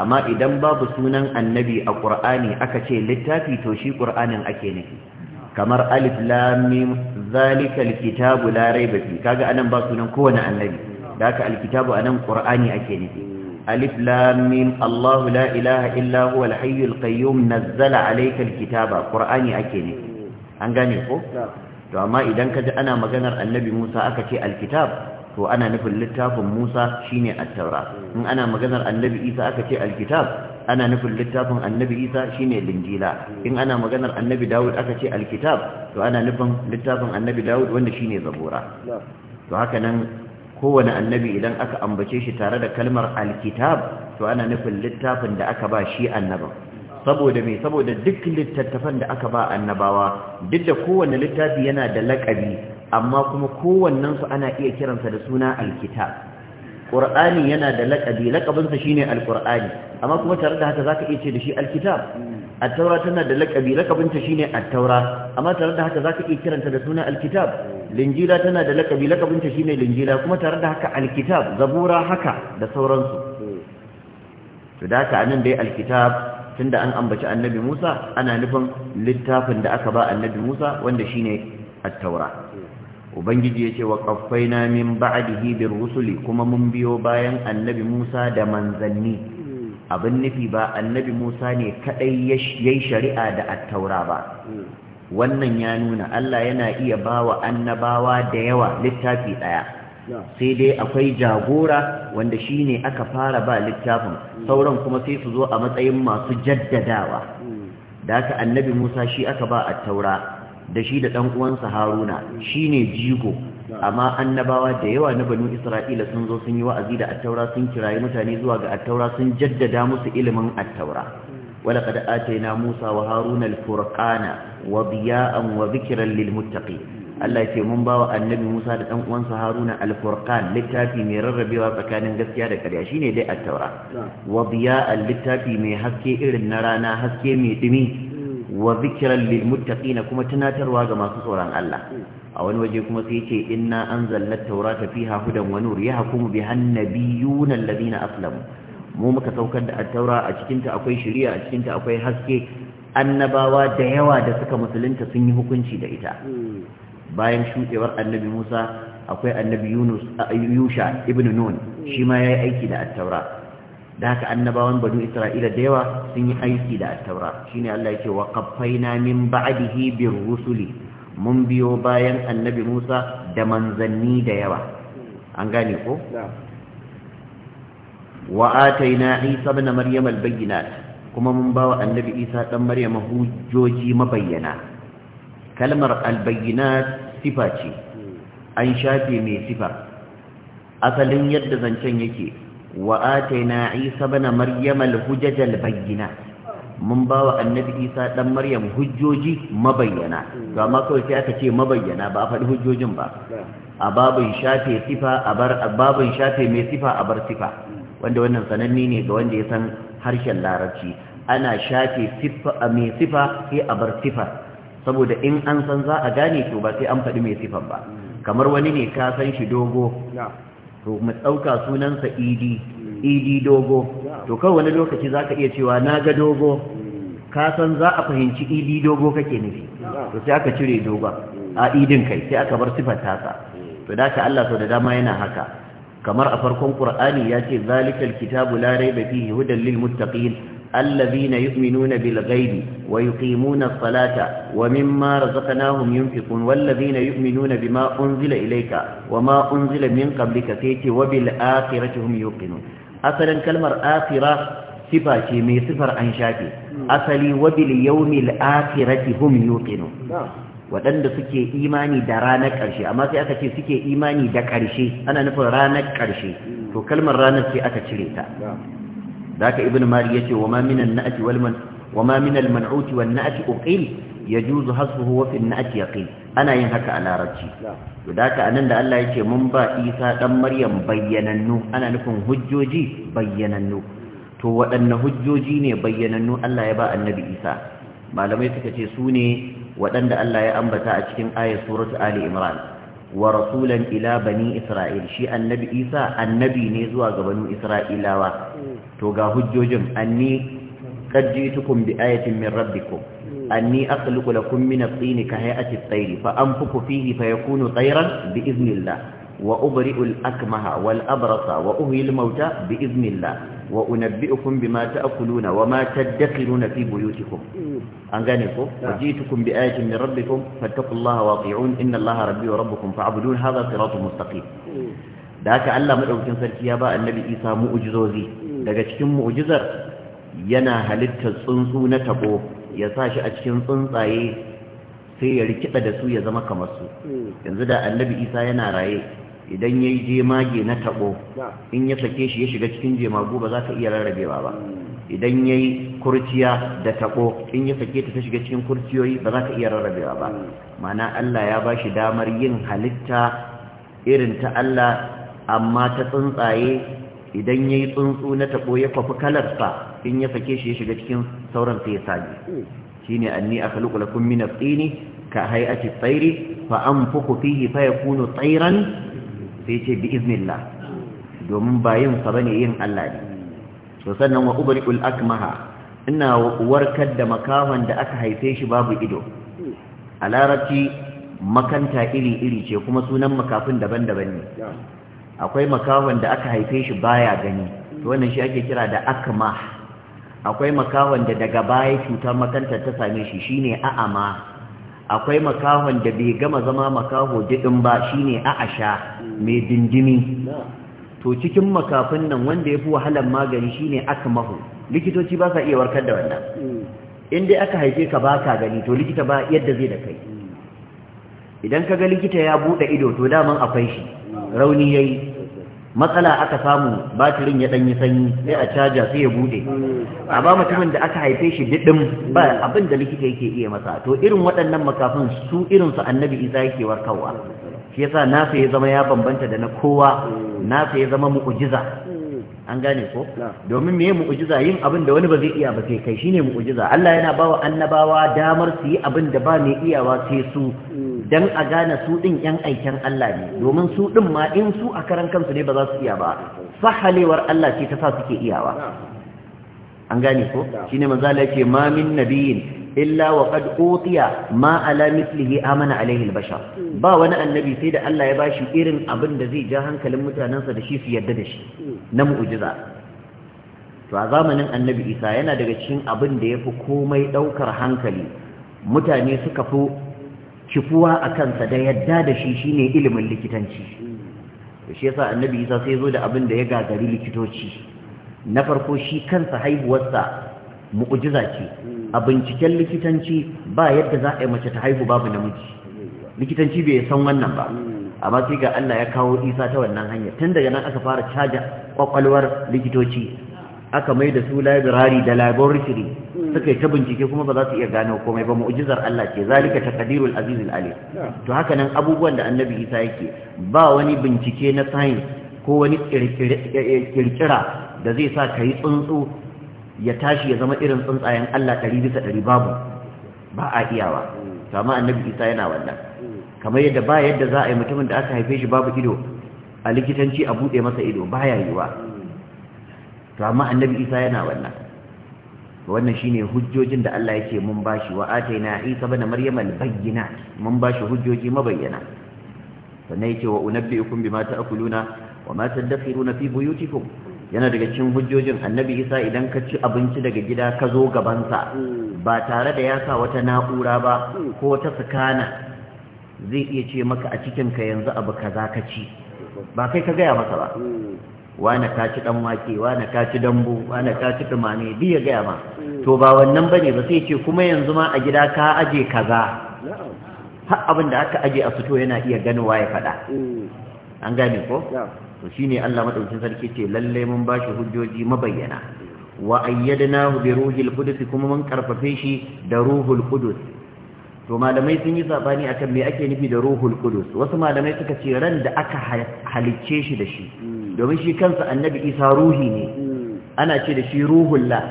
amma idan babu sunan annabi a ƙur'ani aka ce littafi to shi ƙur'anin ake nufi kamar alif lam zalikal zalika alkitabu la raiba fi kaga anan ba sunan kowane annabi da haka alkitabu anan qur'ani ake nufi alif lam Allahu allah la ilaha illa huwa alhayyul qayyum nazzala alayka alkitaba qur'ani ake nufi an gane ko to amma idan ka ji ana maganar annabi Musa aka ce alkitab to ana nufin littafin Musa shine at-taura in ana maganar annabi Isa aka ce alkitab ana nufin littafin annabi isa shine linjila in ana maganar annabi dawud aka ce alkitab to ana nufin littafin annabi dawud wanda shine zabura to haka nan kowane annabi idan aka ambace shi tare da kalmar alkitab to ana nufin littafin da aka ba shi annabin saboda me saboda duk littattafan da aka ba annabawa duk da kowane littafi yana da laƙabi amma kuma kowannensu ana iya kiransa da suna alkitab ƙur'ani yana da laƙabi laƙabinsa ne alƙur'ani amma kuma tare da haka ka iya ce da shi alkitab Attaura tana da laƙabi laƙabinta shi ne Attaura. amma tare da haka ka iya kiranta da suna alkitab linjila tana da laƙabi laƙabinta ne linjila kuma tare da haka alkitab zabura haka da sauransu to da haka anan dai alkitab tunda an ambaci annabi Musa ana nufin littafin da aka ba annabi Musa wanda shine ne Attaura. ubangiji ya ce wa ƙaffaina min ba'dihi bir rusuli kuma mun biyo bayan annabi Musa da manzanni abin nufi ba annabi Musa ne kadai yayi shari'a da attaura ba wannan ya nuna Allah yana iya bawa annabawa da yawa littafi daya sai dai akwai jagora wanda shine aka fara ba littafin sauran kuma sai su zo a matsayin masu jaddadawa da haka annabi Musa shi aka ba attaura da shi da ɗan uwansa haruna shine jigo amma annabawa da yawa na banu isra'ila sun zo sun yi wa'azi da attaura sun kirayi mutane zuwa ga attaura sun jaddada musu ilimin attaura ولقد آتينا wa وهارون wa وضياء وذكرا للمتقين الله يتي من باو Annabi Musa da ɗan'uwansa uwansa Haruna al littafi mai rarrabewa tsakanin gaskiya da ƙarya shine dai at-Taura wa diya'an littafi mai haske irin na rana haske mai dumi wa zikiran lilmuttaqina kuma tunatarwa ga masu tsoron Allah a wani waje kuma sai yace inna anzalna at-taurata fiha hudan wa nur yahkumu biha an-nabiyyuna alladhina aslamu mu muka saukar da at-taura a cikin ta akwai shari'a a cikin ta akwai haske annabawa da yawa da suka musulunta sun yi hukunci da ita bayan shutewar annabi Musa akwai annabi Yunus Yusha ibn Nun shi ma yayi aiki da at-taura da haka annabawan banu isra'ila da yawa sun yi aiki da attaura shine Allah yake wa qaffaina min ba'dihi bir rusuli mun biyo bayan annabi Musa da manzanni da yawa an gane ko wa ataina Isa ibn Maryam al-bayyinat kuma mun bawa annabi Isa dan Maryam hujjoji mabayyana kalmar al-bayyinat sifa ce an shafe mai sifa asalin yadda zancen yake وآتينا عيسى بن مريم الهجج bayyina mun ba wa annabi isa dan maryam hujjoji mabayyana to amma kawai sai aka ce mabayyana ba a faɗi hujjojin ba a babin shafe sifa a bar babin shafe mai sifa a bar sifa wanda wannan sananni ne ga wanda ya san harshen larabci ana shafe sifa mai sifa sai a bar sifa saboda in an san za a gane to ba sai an faɗi mai sifan ba kamar wani ne ka san shi dogo to mu ɗauka sunansa idi idi dogo to kawai wani lokaci za ka iya cewa na ga dogo ka san za a fahimci idi dogo kake nufi to sai aka cire dogon a idin kai sai aka bar sifar tasa to da Allah sau da dama yana haka kamar a farkon Qur'ani ya ce zalikal kitabu la raiba fihi hudan lil muttaqin الذين يؤمنون بالغيب ويقيمون الصلاة ومما رزقناهم ينفقون والذين يؤمنون بما أنزل إليك وما أنزل من قبلك فيك وبالآخرة هم يوقنون أصلا كلمة آخرة صفة من صفر أنشاكي أصلي وباليوم الآخرة هم يوقنون waɗanda suke imani da ranar ƙarshe amma sai aka ce suke imani da ƙarshe ana nufin ranar ƙarshe to kalmar ranar sai aka cire ta ذاك ابن مالي يتي وما من النأت والمن وما من المنعوت والنأت أقيل يجوز حذفه وفي النأت يقيل أنا ينهك على رجي ذاك أنند الله يتي منبا إيسا دم مريم بيننو أنا نكون هجوجي بيننو to waɗanne hujjoji ne bayyanannu Allah ya ba annabi Isa malamai suka ce su ne waɗanda Allah ya ambata a cikin ayat suratu Ali Imran wa rasulan ila bani isra'il shi annabi isa annabi ne zuwa ga banu isra'ilawa to ga hujjojin anni qad bi ayatin min rabbikum anni akhluqu lakum min at-tin ka hay'ati at-tayr fa anfuku fihi fayakunu tayran bi idhnillah wa ubri'u al-akmaha wal abrasa wa uhyi al-mauta bi idhnillah wa unabbi'ukum bima ta'kuluna wa ma tadakhiruna fi buyutikum mm. an gane ko wajitukum bi ayatin min rabbikum fattaqullaha waqi'un inna allaha rabbi wa rabbukum fa'budun hadha siratun mustaqim mm. da haka Allah madaukakin sarki ya ba annabi Isa mu'jizozi mm. daga cikin mu'jizar yana halittar tsuntsu na tabo ya sa shi a cikin tsuntsaye sai ya rikida da su ya zama kamar su yanzu da annabi Isa yana raye idan ya yi jemage na taɓo in ya sake shi ya shiga cikin jemagu ba za ka iya rarrabewa ba idan ya yi kurciya da taɓo in ya sake ta ta shiga cikin kurciyoyi ba za ka iya rarrabewa ba mana Allah ya ba shi damar yin halitta irin ta Allah amma ta tsuntsaye idan ya yi tsuntsu na taɓo ya kwafi kalarsa in ya sake shi ya shiga cikin sauran sai ya sage shine anni a kalu tsini ka hai a fa an fuku fihi fa ya kunu tseren. sai ce bi iznillah domin ba yin sa bane yin Allah ne to sannan wa ubri'ul akmaha ina warkar da makawan da aka haife shi babu ido a larabci makanta iri-iri ce kuma sunan makafin daban-daban ne akwai makawan da aka haife shi baya gani to wannan shi ake kira da akmah akwai makawan da daga baya cutar makantar ta same shi shine a'ama akwai makahon da bai gama zama makaho jiɗin ba shine sha mai dindimi to cikin makafin nan wanda ya fi wahalar magani shine akmahu likitoci ba sa iya warkar da wannan in dai aka haife ka baka gani to likita ba yadda zai da kai idan ka ga likita ya buɗe ido to daman akwai shi rauni yayi matsala aka samu batirin ya ɗanyi sanyi sai a caja sai ya bude a ba mutumin da aka haife shi didim ba abin da likita yake iya masa to irin waɗannan makafin su irin su annabi isa yake warkarwa shi yasa nasa ya zama ya bambanta da na kowa nasa ya zama mu'ujiza an gane ko domin me mu'ujiza yin abin da wani ba zai iya ba sai kai shine mu'ujiza Allah yana bawa annabawa damar su yi abin da ba mai iyawa sai su dan a gane su din yan aikin Allah ne domin su din ma in su a karan kansu ne ba za su iya ba sahalewar Allah ce ta sa suke iyawa an gane ko shine manzo Allah yake ma min nabiyin illa wa qad utiya ma ala mithlihi amana alaihi albashar ba wani annabi sai da Allah ya bashi irin abin da zai ja hankalin mutanensa da shi su yarda da shi na mu'jiza to a zamanin annabi Isa yana daga cikin abin da ya fi komai ɗaukar hankali mutane suka fi kifuwa a kansa da yadda da shi shi ne ilimin likitanci shi yasa annabi isa sai zo da abin da ya gagari likitoci na farko shi kansa haihuwarsa mu'ujiza ce a binciken likitanci ba yadda za a yi mace ta haihu babu namiji likitanci bai san wannan ba amma sai ga Allah ya kawo isa ta wannan hanya tun daga nan aka fara caja kwakwalwar likitoci aka mai da su labirari da laboratory suka yi ta bincike kuma ba za su iya gano komai ba mu'jizar Allah ce zalika taqdirul azizul alim to haka nan abubuwan da annabi Isa yake ba wani bincike na science ko wani kirkira da zai sa kai tsuntsu ya tashi ya zama irin tsuntsayen Allah 100 babu ba a iyawa to amma annabi Isa yana wannan kamar yadda ba yadda za a yi mutumin da aka haife shi babu ido a likitanci a buɗe masa ido baya yiwa to amma annabi isa yana wannan wannan shine hujjojin da Allah yake mun bashi wa ataina isa bana maryam albayyina mun bashi hujjoji mabayyana sannan yake wa unabbiukum bima ta'kuluna wa ma tadakhiruna fi buyutikum yana daga cikin hujjojin annabi isa idan ka ci abinci daga gida ka zo gabansa ba tare da ya sa wata na'ura ba ko ta sakana zai iya ce maka a cikin ka yanzu abu kaza ka ci ba kai ka gaya masa ba wane ka ci dan wake wane ka ci dambu wane ka ci tumame duk ya gaya ma to ba wannan bane ba sai ce kuma yanzu ma a gida ka aje kaza har abin da aka aje a fito yana iya ganowa ya faɗa an gane ko to shine Allah madaukakin sarki ce lalle mun bashi hujjoji mabayyana wa ayyadnahu bi ruhil qudus kuma mun karfafe shi da ruhul qudus to malamai sun yi sabani akan me ake nufi da ruhul qudus wasu malamai suka ce ran da aka halicce shi da shi hmm. domin shi kansa annabi isa ruhi ne hmm. ana ce da shi ruhullah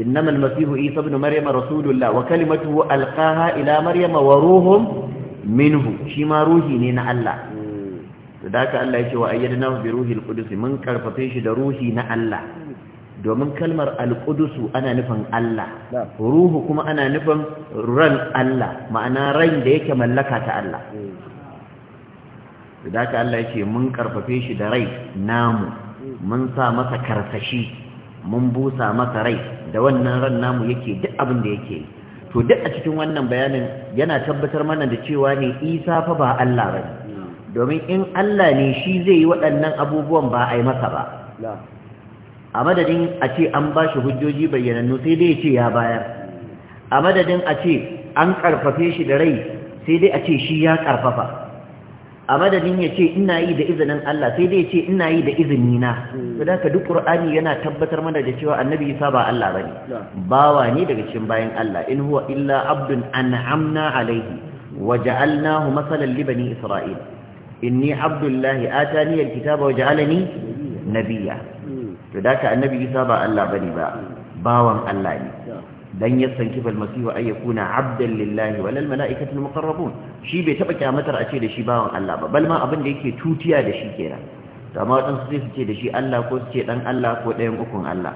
innamal masihu isa ibn maryama rasulullah wa kalimatuhu alqaha ila maryama wa ruhum minhu shi ma ruhi ne na Allah hmm. da haka Allah ya ce wa ayyadnahu bi ruhil qudus mun karfafe shi da ruhi na Allah domin kalmar alƙudusu ana nufin Allah ruhu kuma ana nufin ran Allah ma'ana rai da yake mallaka ta Allah hmm. da ka Allah yake mun karfafe shi da rai namu hmm. mun sa masa karsashi mun busa masa rai da wannan ran namu yake duk abin da yake to duk a cikin wannan bayanin yana tabbatar mana da cewa ne isa fa ba Allah ba hmm. domin in Allah ne shi zai yi waɗannan abubuwan ba a masa ba a madadin a ce an ba shi hujjoji bayyanannu sai dai ya ce ya bayar a madadin a ce an karfafe shi da rai sai dai a ce shi ya karfafa a madadin ya ce ina yi da izinin Allah sai dai ya ce ina yi da izini na da ka duk qur'ani yana tabbatar mana da cewa annabi Isa ba Allah bane bawa ne daga cikin bayan Allah in huwa illa abdun an'amna alaihi waja'alnahu masalan li bani isra'il inni abdullahi atani alkitaba waja'alani nabiyya to da ka annabi isa ba Allah bane ba bawan Allah ne dan yastankifa almasihu ay yakuna abdan lillahi wal malaikatu almuqarrabun shi bai taba kyamatar a ce da shi bawan Allah ba bal ma abin da yake tutiya da shi kenan amma wadansu sai su ce da shi Allah ko su ce dan Allah ko ɗayan ukun Allah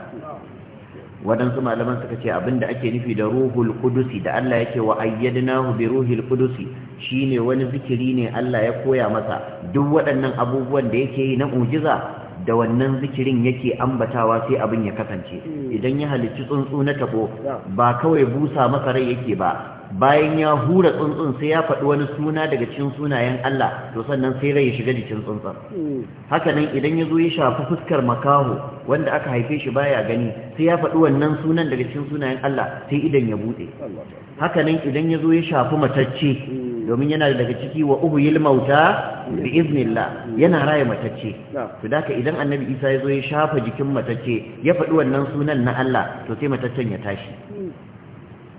wadansu malaman suka ce abinda ake nufi da ruhul qudusi da Allah yake wa ayyadnahu bi ruhil qudusi shine wani zikiri ne Allah ya koya masa duk waɗannan abubuwan da yake yi na mu'jiza da wannan zikirin yake ambatawa sai abin ya kasance hmm. idan ya halicci tsuntsu na tabo ba kawai busa masa rai yake ba bayan ya hura tsuntsun sai ya faɗi wani suna daga cikin sunayen Allah to sannan sai rai ya shiga jikin tsuntsun hmm. haka nan idan ya zo ya shafi fuskar makaho wanda aka haife shi baya gani sai ya faɗi wannan sunan daga cikin sunayen Allah sai idan ya buɗe hakanan idan ya zo ya shafi matacce domin yana daga ciki wa uhuyil mauta bi iznillah yana raya matacce to idan annabi isa ya zo ya shafa jikin matacce ya faɗi wannan sunan na Allah to sai mataccen ya tashi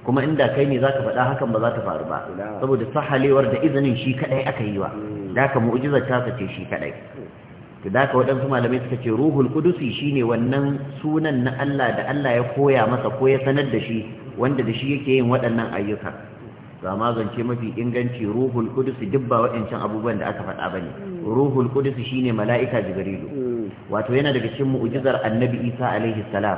kuma inda kai ne zaka faɗa hakan ba za ta faru ba saboda sahalewar da izinin shi kadai aka yi wa daka mu'jizar ta kace shi kadai to daka waɗansu malamai suka ce ruhul kudusi shine wannan sunan na Allah da Allah ya koya masa ko ya sanar da shi wanda da shi yake yin waɗannan ayyuka ga magance mafi inganci ruhul kudus duk ba waɗancan abubuwan da aka faɗa ba ne ruhul kudus shine mala'ika jibrilu wato yana daga cikin mu'jizar annabi isa alaihi salam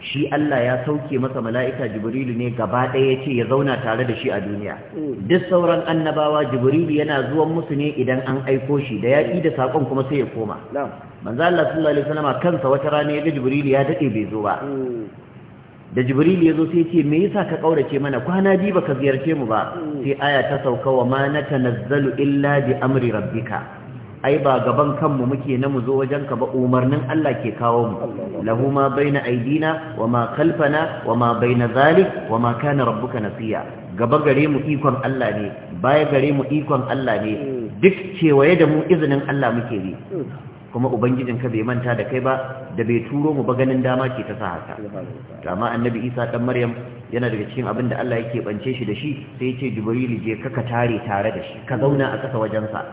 shi Allah ya sauke masa mala'ika Jibrilu ne gaba ɗaya ce ya zauna tare da shi a duniya. Duk sauran annabawa Jibrilu yana zuwan musu ne idan an aiko shi da yaƙi da saƙon kuma sai ya koma. Manzo Allah sallallahu Alaihi wasallama kansa wata rana ya ga Jibrilu ya daɗe bai zo ba. da jibril ya zo sai ce me yasa ka kaurace mana kwana biyu baka ziyarce mu ba sai aya ta sauka wa ma tanazzalu illa bi amri rabbika ai ba gaban kanmu muke na mu zo wajen ka ba umarnin Allah ke kawo mu lahu ma baina aidina wa ma khalfana wa ma baina zalik wa ma kana rabbuka nasiya gaba gare mu ikon Allah ne baya gare mu ikon Allah ne duk cewaye da mu izinin Allah muke bi kuma ubangijin ka bai manta da kai ba da bai turo mu ba ganin dama ke ta sa haka amma annabi isa dan maryam yana daga cikin abin da Allah yake bance shi da shi sai ce jibril je ka ka tare tare da shi ka zauna a kasa wajen sa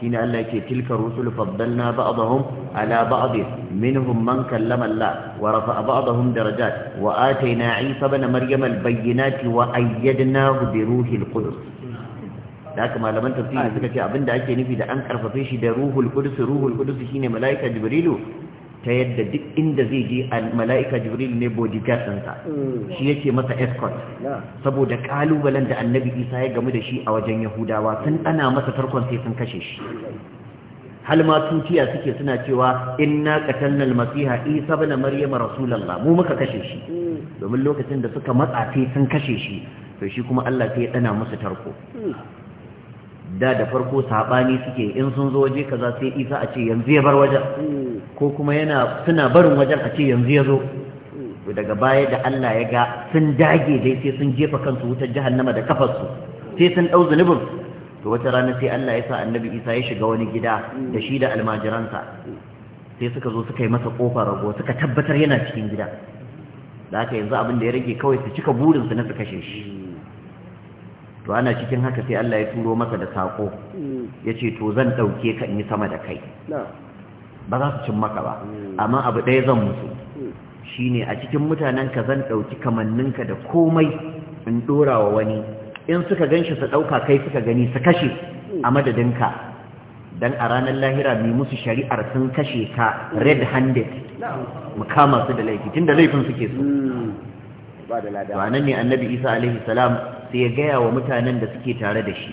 shine Allah yake tilka rusul faddalna ba'dahum ala ba'd minhum man kallama Allah wa rafa'a ba'dahum darajat wa atayna isa ibn maryam al bayyinati wa ayyadnahu bi ruhil qudus da haka malaman tafsiri suka ce abinda ake nufi da an karfafe shi da ruhul qudus ruhul qudus shine malaika jibrilu ta yadda duk inda zai je malaika jibrilu ne bodyguard sa hmm. shi yake masa escort saboda kalubalen da annabi isa ya gamu da shi a wajen yahudawa sun ana masa tarkon sai sun kashe shi hal ma tutiya suke suna cewa inna qatalna al-masiha isa ibn maryama rasulullah mu muka kashe shi hmm. domin lokacin da suka matsa sai sun kashe shi to shi kuma Allah sai ya dana musu tarko hmm. da da farko saɓani suke in sun zo waje kaza sai isa a ce yanzu ya bar wajen ko kuma yana suna barin wajen a ce yanzu ya zo daga baya da Allah ya ga sun dage dai sai sun jefa kansu wutar jahannama da kafarsu sai sun ɗau zunubin to wata rana sai Allah ya sa annabi isa ya shiga wani gida da shi da almajiransa sai suka zo suka yi masa kofar rago suka tabbatar yana cikin gida da haka yanzu abin da ya rage kawai su cika burinsu na su kashe shi to ana cikin haka sai Allah ya turo masa da sako mm. ce to zan ɗauke ka in yi sama da kai ba za su cin maka ba mm. amma abu ɗaya zan musu mm. Shi ne a cikin mutanen ka zan ɗauki kamanninka da komai in ɗora wa wani in suka ganshi su ɗauka kai suka gani su kashe a madadinka Don a ranar lahira mai musu shari'ar sun kashe ka red handed mu kama su da laifi tun da laifin suke so ba da lada ne annabi Isa alaihi salam sai ya gaya wa mutanen da suke tare da shi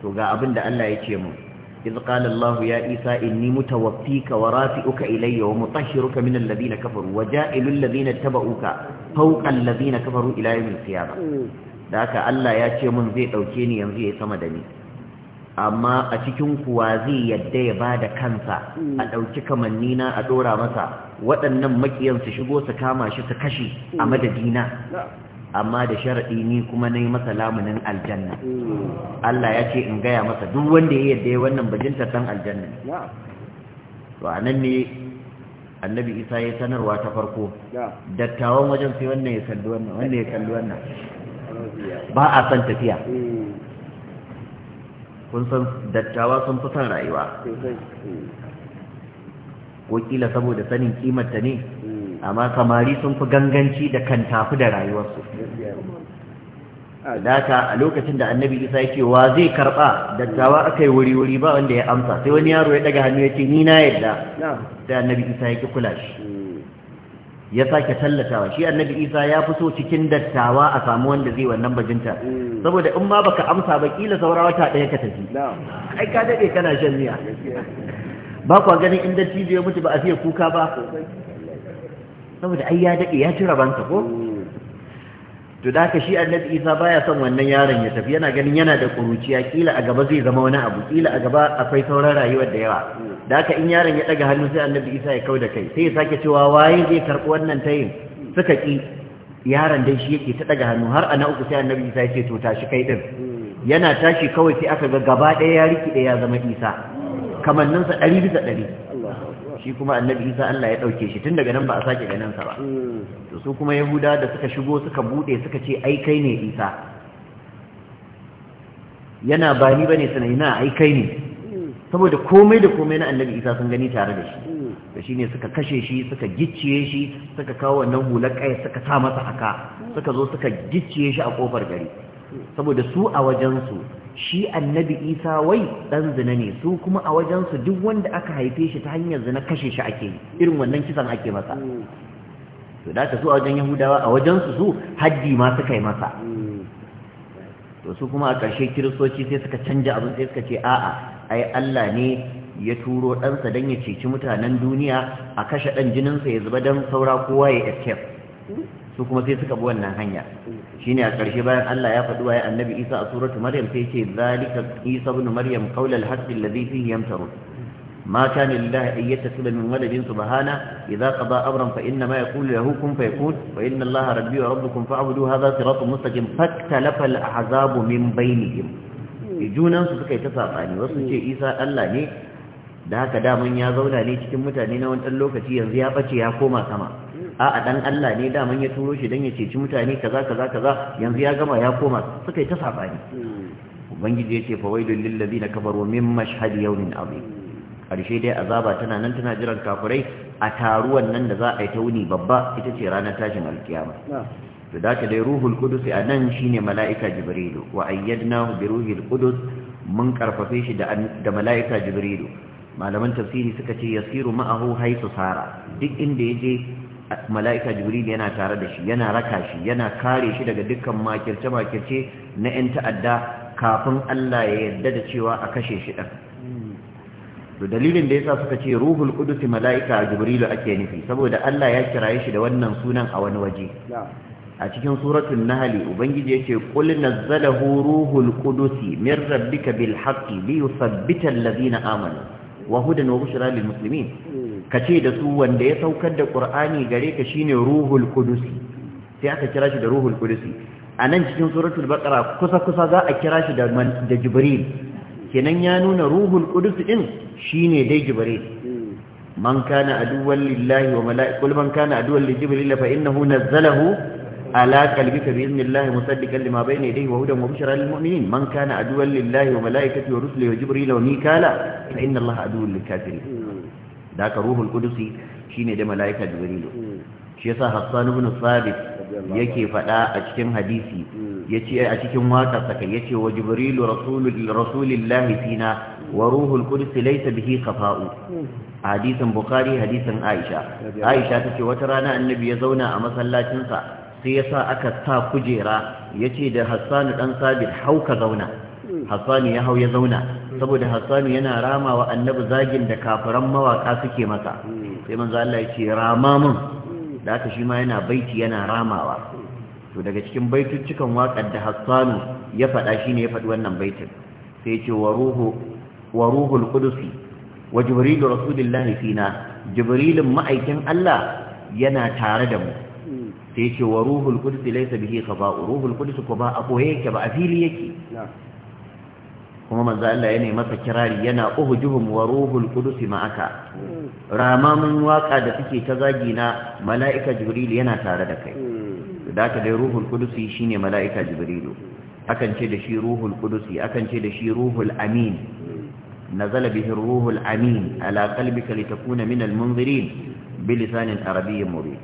to ga abin da Allah ya ce mu iz qala Allah ya Isa inni mutawaffika wa rafi'uka ilayya wa mutahhiruka min alladhina kafaru wa ja'ilu alladhina taba'uka fawqa alladhina kafaru ila yawm al-qiyamah da haka Allah ya ce mun zai ɗauke ni yanzu yayi sama da ni amma a cikin kuwa zai yadda ya bada kansa a ɗauki kamanni na a ɗora masa waɗannan makiyan su shigo su kama shi su kashe a madadina amma da sharaɗi ni kuma na yi masa lamunin aljanna Allah ya ce in gaya masa duk wanda ya yadda ya wannan bajinta ɗan aljanna ne to a nan ne annabi isa ya sanarwa ta farko dattawan wajen sai wannan ya kalli wannan wannan ya kalli wannan ba a san tafiya hmm. kun san dattawa sun fi son rayuwa hmm. ko kila saboda sanin ta ne amma samari sun fi ganganci da kan tafi da rayuwarsu data a lokacin da annabi isa ya ce wa zai karba dattawa aka yi wuri-wuri ba wanda ya amsa sai wani yaro ya daga hannu ya ce ni na yadda sai annabi isa ya ki kula shi ya sake tallatawa shi annabi isa ya fi so cikin dattawa a samu wanda zai wannan bajinta mm. saboda in ma baka amsa ba kila saura wata ɗaya ka tafi ai ka daɗe kana shan miya ba kwa ganin in dattijo ya mutu ba a fiye kuka ba saboda ai ya daɗe ya ci rabansa ko to da ka shi annabi isa baya son wannan yaron ya tafi yana ganin yana da kuruciya kila a gaba zai zama wani abu kila a gaba akwai sauran rayuwar da yawa da haka in yaron ya ɗaga hannu sai annabi isa ya kauda kai sai ya sake cewa waye zai karɓi wannan tayin suka ki yaron dai shi yake ta ɗaga hannu har ana uku sai annabi isa ya ce to tashi kai din yana tashi kawai sai aka ga gaba ɗaya ya riki ɗaya ya zama isa kamanninsa ɗari bisa ɗari shi kuma annabi isa Allah ya ɗauke shi tun daga nan ba a sake ganin sa ba to su kuma yahuda da suka shigo suka buɗe suka ce ai kai ne isa yana ba ni bane sanai na ai kai ne saboda komai da komai na annabi isa sun gani tare da shi da shi ne suka kashe shi suka gicciye shi suka kawo wannan hular kai suka sa masa haka suka zo suka gicciye shi a kofar gari saboda su a wajensu shi annabi isa wai ɗan zina ne su kuma a wajensu duk wanda aka haife shi ta hanyar zina kashe shi ake yi irin wannan kisan ake masa to da ka su a wajen yahudawa a wajensu su haddi ma suka yi masa to su kuma a ƙarshe kiristoci sai suka canja abin sai suka ce a'a ai allah ne ya turo ɗansa don ya ceci mutanen duniya a kashe ɗan jininsa ya zuba don saura kowa ya escape su kuma sai suka bi wannan hanya shine a ƙarshe bayan Allah ya faɗi waya annabi Isa a suratu Maryam sai ce zalika Isa ibn Maryam qawl al-haqq alladhi fihi yamtarun ma kana lillahi an yattasila min waladin subhana idza qada amran fa inna ma yaqulu lahu kun fayakun wa inna Allaha rabbi wa rabbukum fa'budu hadha siratun mustaqim faktalafa al-ahzabu min bainihim junan su suka yi ta sabani wasu ce Isa Allah ne da haka daman ya zauna ne cikin mutane na wani lokaci yanzu ya bace ya koma sama a a dan Allah ne daman ya turo shi dan ya ceci mutane kaza kaza kaza yanzu ya gama ya koma suka yi ta sabani ubangiji ya ce fawailul lil ladina kafaru min mashhad yawmin azim karshe dai azaba tana nan tana jiran kafirai a taruwan nan da za a yi ta wuni babba ita ce ranar tashin alkiyama to da dai ruhul qudus a nan shine mala'ika jibrilu wa ayyadnahu bi ruhil qudus mun karfafe shi da da mala'ika jibrilu malaman tafsiri suka ce yasiru ma'ahu haisu sara duk inda yaje mala'ika jibril yana tare da shi yana raka shi yana kare shi daga dukkan makirce-makirce na 'yan ta'adda kafin Allah ya yarda da cewa a kashe shi ɗan to dalilin da yasa suka ce ruhul qudusi mala'ika jibrilu ake nufi saboda Allah ya kiraye shi da wannan sunan a wani waje a cikin suratun nahali ubangiji yace qul nazzalahu ruhul qudusi min rabbika bil haqqi li yuthabbita alladhina amanu wa hudan wa bushra lil muslimin ka ce da su wanda ya saukar da ƙur'ani gare ka shine ruhul kudusi sai aka kira shi da ruhul kudusi a nan cikin suratul baqara kusa kusa za a kira shi da da jibril kenan ya nuna ruhul kudusi din shine dai jibril man kana aduwwan lillahi wa mala'ikul man kana aduwwan li jibril fa innahu nazzalahu ala qalbika bi idnillahi musaddiqan lima bayna yadayhi wa hudan wa bushra lil mu'minin man kana aduwwan lillahi wa mala'ikatihi wa rusulihi wa jibril wa mikala fa inna allaha aduwwun kafirin da ka ruhul shi shine da malaika jibrilu shi yasa hassan ibn sabit yake fada a cikin hadisi hmm. yace a cikin waka saka yace wa jibrilu rasulul rasulillahi fina wa ruhul qudus laysa bihi khafa'u hmm. hadisin bukhari hadisin aisha aisha tace wata rana annabi ya zauna a masallacin sa sai yasa aka sa kujera yace da hassan dan sabit hauka zauna hmm. hassan ya hau ya zauna saboda hassanu yana rama wa annabi zagin da kafiran mawaka suke masa sai manzo Allah ya ce rama mun da haka shi ma yana baiti yana ramawa to daga cikin baituttukan wakar da hassanu ya faɗa shine ya faɗi wannan baitin sai ya ce wa ruhu wa qudusi wa jibrilu rasulillahi fina jibrilun ma'aikin Allah yana tare da mu sai ya ce wa ruhul qudusi laysa bihi khaba ruhul qudusi ko ba a koye yake ba a fili yake kuma manzo Allah ya nemi masa kirari yana uhjuhum wa ruhul qudus ma'aka ramamin waka da suke ta zagi na mala'ika jibril yana tare da kai da ka dai ruhul qudus shine mala'ika jibril akan ce da shi ruhul qudus akan ce da shi ruhul amin nazala bihi ruhul amin ala qalbika litakuna minal munzirin bilisanin arabiyyin mubin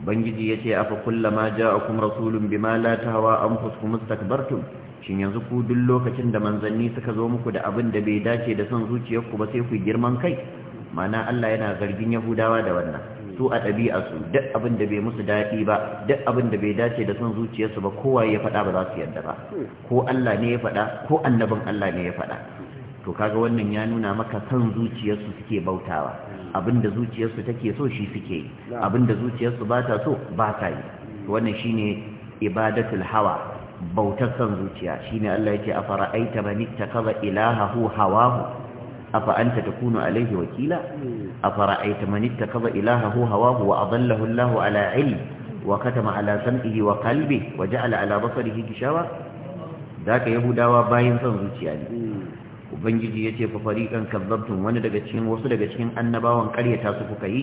ubangiji yace afa kullama ja'akum rasulun bima la tahwa anfusukum istakbartum shin yanzu ku duk lokacin da manzanni suka zo muku da abin da bai dace da son zuciyarku ba sai ku girman kai mana Allah yana zargin Yahudawa da wannan su a ɗabi'arsu duk abin da bai musu daɗi ba duk abin da bai dace da son zuciyarsu ba kowa ya faɗa ba za su yarda ba ko Allah ne ya faɗa ko annabin Allah ne ya faɗa to kaga wannan ya nuna maka son zuciyarsu suke bautawa abin da zuciyarsu take so shi suke yi abin da zuciyarsu ba ta so ba ta yi wannan shine ibadatul hawa bautar san zuciya shine Allah yake afara aita man ittakaza ilahahu hawahu afa anta takunu alaihi wakila afara aita man ittakaza ilahahu hawahu wa adallahu Allahu ala ilm wa katama ala sam'ihi wa qalbi wa ja'ala ala basarihi gishawa zaka yahudawa bayin san zuciya ne ubangiji yace fa fariqan kazzabtum wani daga cikin wasu daga cikin annabawan ƙaryata su kuka yi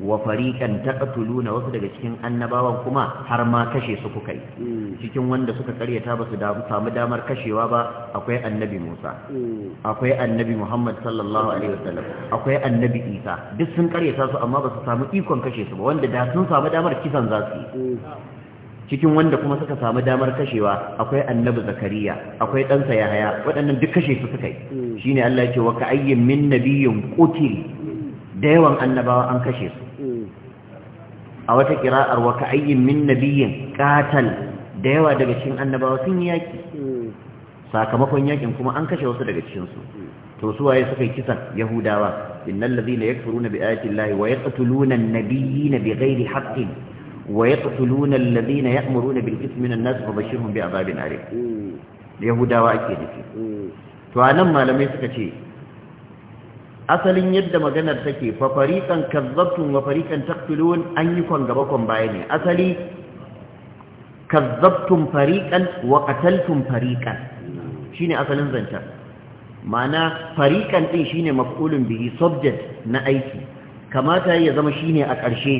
wa fariqan taqtuluna wasu daga cikin annabawan kuma har ma kashe su kuka yi mm. cikin wanda suka karyata ba su samu damar kashewa ba akwai annabi Musa mm. akwai annabi Muhammad sallallahu alaihi wasallam akwai annabi Isa duk sun karyata su amma ba su samu ikon kashe su ba wanda da sun samu damar kisan za su yi mm. cikin wanda kuma suka samu damar kashewa akwai annabi Zakariya akwai ɗansa Yahaya waɗannan duk kashe su suka yi shine Allah ya ce wa ka ka'ayyin min nabiyyin qutil da yawan annabawa an kashe su a wata kira'ar wa ka'ayyin min nabiyyin qatal da yawa daga cikin annabawa sun yaki sakamakon yakin kuma an kashe wasu daga cikin su to su waye suka yi kisan yahudawa innal ladhina yakfuruna bi ayati llahi wa yaqtuluna an-nabiyyina bighairi haqqin wa yaqtuluna alladhina ya'muruna bil ithmi min an-nas fa bashirhum bi adhabin alim hmm. yahudawa ake dace hmm. to anan malamai suka ce asalin yadda maganar take fa fariqan kazzabtum wa fariqan taqtulun an yi kon gaba kon baya ne asali kazzabtum fariqan wa qataltum fariqan shine asalin zancen ma'ana fariqan din shine maf'ulun bihi subject na aiki kamata ya zama shine a ƙarshe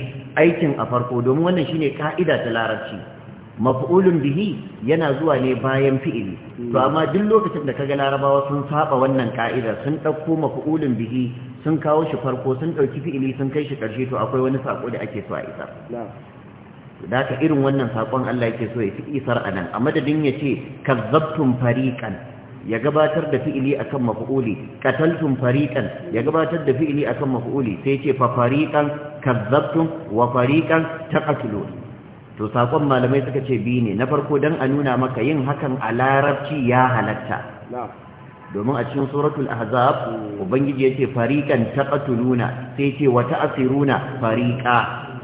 aikin a farko domin wannan shine ka'ida ta larabci mafuulin bihi yana zuwa ne bayan fi'ili to amma duk lokacin da kaga larabawa sun saba wannan ka'idar sun dauko maf'ulun bihi sun kawo shi farko sun dauki fi'ili sun kai shi karshe to akwai wani sako da ake so a isar da ka irin wannan sakon Allah yake so ya fi isar anan a madadin ya ce kazzabtum fariqan ya gabatar da fi'ili akan maf'uli qataltum fariqan ya gabatar da fi'ili akan maf'uli sai ya ce fa fariqan kazzabtum wa fariqan taqtulun to sakon malamai suka ce bi ne na farko dan a nuna maka yin hakan a larabci ya halatta domin a cikin suratul ahzab ubangiji yace fariqan taqatuluna sai yace wa ta'siruna fariqa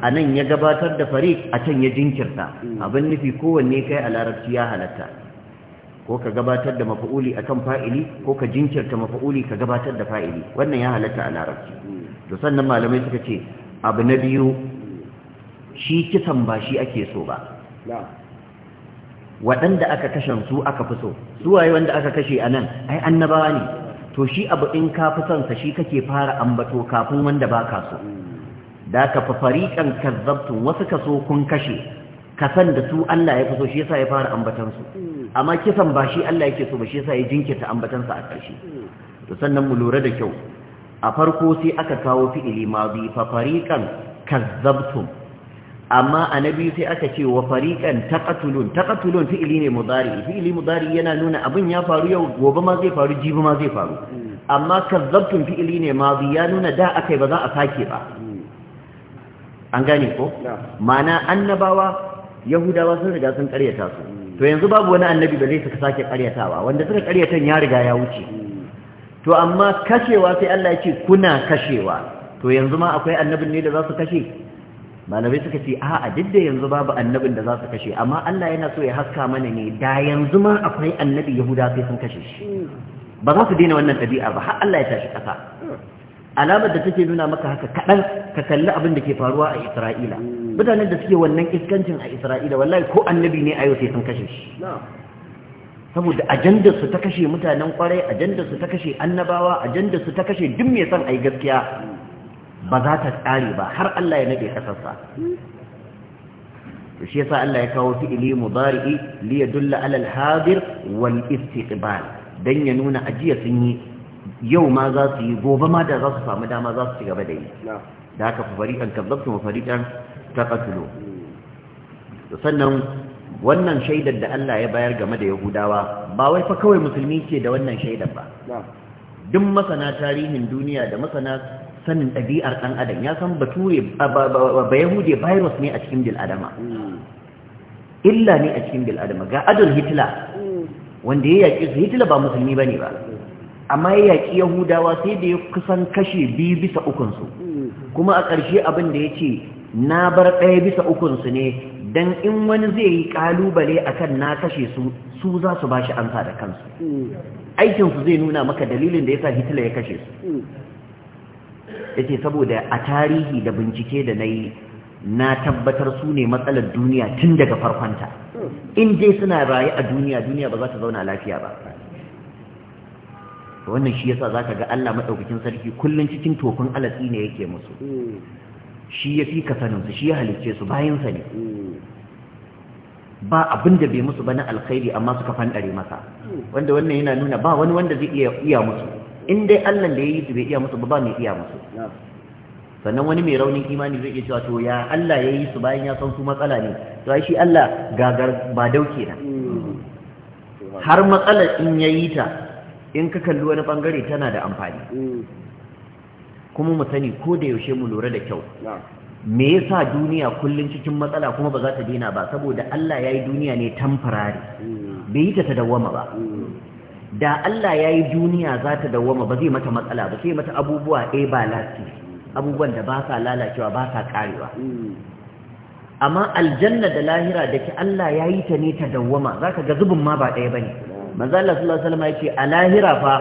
anan ya gabatar da fariq a can ya jinkirta hmm. abin nufi kowanne kai a larabci ya halatta ko ka gabatar da mafa'uli akan fa'ili ko ka jinkirta mafa'uli ka gabatar da fa'ili wannan ya halatta a larabci hmm. to sannan malamai suka ce abu na biyu shi kisan ba shi ake so ba waɗanda aka kashe su aka fi so su waye wanda aka kashe a nan ai annabawa ne to shi abu in ka fi son sa shi kake fara ambato kafin wanda ba ka so hmm. da ka fa fariqan wasu kaso kun kashe ka san da su Allah ya fi so shi yasa ya fara ambatan hmm. amma kisan ba shi Allah yake so ba shi yasa ya jinkirta ambatan a ƙarshe hmm. to sannan mu lura da kyau a farko sai aka kawo fi'ili bi fa fariqan kazzabtum amma annabi sai aka ce wa fariqan taqatulun taqatulun fi'li ne mudari fi'li mudari yana nuna abin ya faru yau gobe ma zai faru jibi ma zai faru amma kazzabtum fi'li ne madi ya nuna da akai ba za a sake ba an gane ko mana annabawa yahudawa sun riga sun karyata su to yanzu babu wani annabi da zai suka sake karyatawa wanda suka karyatan ya riga ya wuce to amma kashewa sai Allah ya ce kuna kashewa to yanzu ma akwai annabin ne da za su kashe malamai suka ce a'a duk da yanzu babu annabin da za su kashe amma Allah yana so ya haska mana ne da yanzu ma akwai annabi yahuda sai sun kashe shi ba za su daina wannan tabi'a ba har Allah ya tashi ƙasa alamar da take nuna maka haka kaɗan ka kalli abin da ke faruwa a isra'ila mutanen da suke wannan iskancin a isra'ila wallahi ko annabi ne a yau sai sun kashe shi saboda ajandarsu ta kashe mutanen kwarai ajandarsu ta kashe annabawa ajandarsu ta kashe duk mai son a yi gaskiya ba za ta tsare ba har Allah ya naɗe kasarsa shi yasa Allah ya kawo fi'ili mudari'i li yadulla alal hadir wal istiqbal dan ya nuna ajiya sun yi yau ma za su yi gobe ma da za su samu dama za su ci gaba da yi da haka fariqan kadzabtum wa ta taqatulu sannan wannan shaidar da Allah ya bayar game da Yahudawa ba wai fa kawai musulmi ke da wannan shaidar ba duk masana tarihin duniya da masana sanin ɗabi'ar ɗan adam ya san bature ba yahudi virus ne a cikin bil'adama hmm. illa ne a cikin bil'adama ga adol hitler hmm. wanda ya yaƙi su hitler ba musulmi ba ne ba hmm. amma ya yaƙi yahudawa sai da ya kusan kashe biyu bisa ukunsu kuma a ƙarshe abin da ya ce na bar ɗaya bisa ukunsu ne don in wani zai yi ƙalubale a kan na kashe su su za su ba shi ansa da kansu aikinsu zai nuna maka dalilin da ya sa hitler ya kashe su yace saboda a tarihi da bincike da nayi na tabbatar su ne matsalar duniya tun daga farkonta in dai suna raye a duniya duniya ba za ta zauna lafiya ba wannan shi yasa zaka ga Allah madaukakin sarki kullun cikin tokun alatsi ne yake musu shi ya fi kasanin su shi ya halicce su bayan sa ne ba abin da bai musu na alkhairi amma suka fandare masa wanda wannan yana nuna ba wani wanda zai iya iya musu in dai Allah da ya yi su bai iya musu ba ba mai iya musu sannan wani mai raunin imani zai iya cewa to ya Allah ya yi su bayan ya san su matsala ne to shi Allah gagar ba dauke na mm. har matsalar in ya yi ta in ka kalli wani bangare tana da amfani mm. kuma mu sani ko da yaushe mu lura da kyau me yasa duniya kullum cikin matsala kuma ba za ta daina ba saboda Allah ya yi duniya ne tamfarari mm. bai yi ta ta dawwama ba da Allah ya yi duniya za ta dawoma ba zai mata matsala ba sai mata abubuwa ɗaya ba lati abubuwan da ba sa lalacewa ba sa karewa amma aljanna da lahira da ke Allah ya yi ta ne ta dawwama za ka ga zubin ma ba ɗaya ba ne manzo Allah sallallahu alaihi wasallam ya ce a lahira fa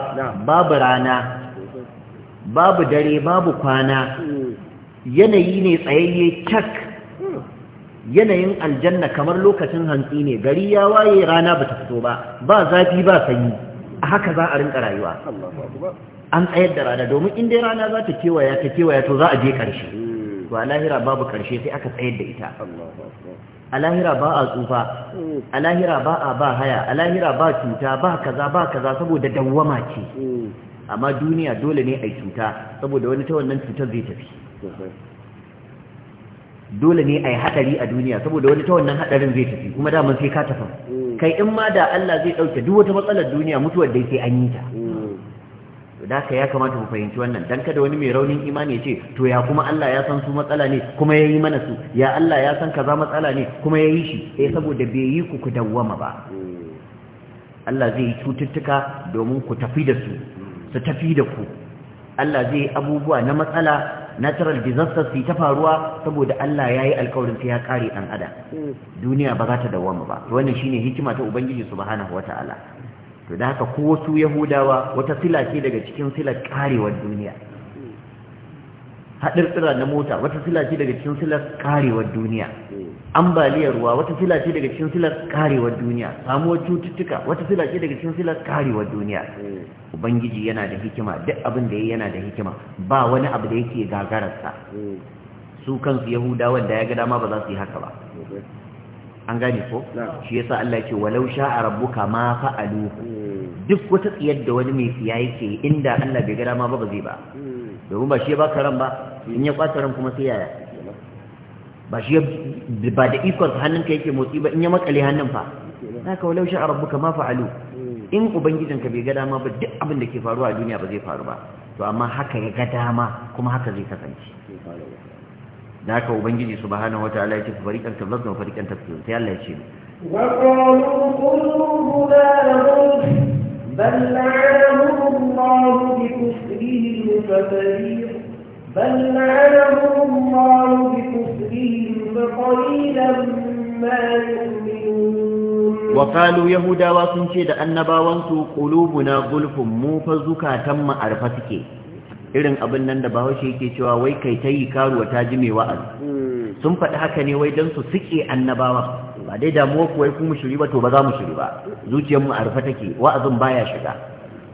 babu rana babu dare babu kwana yanayi ne tsayayye cak yanayin aljanna kamar lokacin hantsi ne gari ya waye rana ba ta fito ba ba zafi ba sanyi haka za a rinka rayuwa an tsayar da rana domin in dai rana za ta kewaya ta kewaya to za a je ƙarshe hmm. to a lahira babu ƙarshe sai aka tsayar da ita alahira ba a tsufa hmm. a lahira ba a ba haya a lahira ba cuta ba kaza ba kaza saboda dawwama ce hmm. amma duniya dole ne a cuta saboda wani ta wannan cutar zai tafi dole ne a yi haɗari a duniya saboda wani ta wannan haɗarin zai tafi kuma daman sai ka tafi mm. kai in ma da Allah zai ɗauke duk wata matsalar duniya mutuwar dai sai an yi ta mm. da haka ya kamata mu fahimci wannan dan kada wani mai raunin imani ya ce to ya kuma Allah ya san su matsala ne kuma ya yi mana su ya Allah ya san kaza matsala ne kuma ya yi shi eh saboda bai yi ku ku dawwama ba mm. Allah zai yi cututtuka domin ku tafi da su su tafi da ku Allah zai yi abubuwa na matsala natural disasters su ta faruwa saboda Allah ya yi alkawarin sai ya kare ɗan adam duniya ba za ta dawama ba wannan shine hikima ta ubangiji subhanahu wataala to da haka ko wasu yahudawa wata sila ce daga cikin silar karewar duniya tsira na mota wata fila ce daga cikin filar karewar duniya ambaliyar ruwa wata fila ce daga cikin filar karewar duniya samuwar cututtuka wata fila ce daga cikin filar karewar duniya ubangiji yana da hikima duk abin da ya yana da hikima ba wani abu da yake gagararsa su kansu yahuda wanda ya ga dama ba za su yi haka ba an gane ko shi yasa Allah ya ce walau sha'a rabbuka ma fa'alu duk wata tsiyar da wani mai siya yake inda Allah bai ga dama ba ba zai ba domin ba shi ba baka ran ba in ya kwace ran kuma sai yaya ba shi ba da ikon ka yake motsi ba in ya makale hannun fa haka walau sha'a rabbuka ma fa'alu in ka bai ga dama ba duk abin da ke faruwa a duniya ba zai faru ba to amma haka ya ga dama kuma haka zai kasance da haka ubangiji subhanahu wataala ya ce fariƙan tablazna wa fariqan tafsirun sai Allah ya ce wa qalu qulubuna lahum بل لعنهم الله بكفرهم ففريق بل لعنهم الله بكفرهم فقليلا ما يؤمنون وقالوا يهودا وسنشي da annabawansu, su na Gulfin mu fa zukatan mu arfa suke irin abin nan da bahaushe yake cewa wai kai yi karuwa ta ji mai wa'azi sun faɗi haka ne wai dan su suke annabawa ba dai damuwa kuwa ku mu shiri ba to ba za mu shiri ba zuciyar mu a take wa'azin baya shiga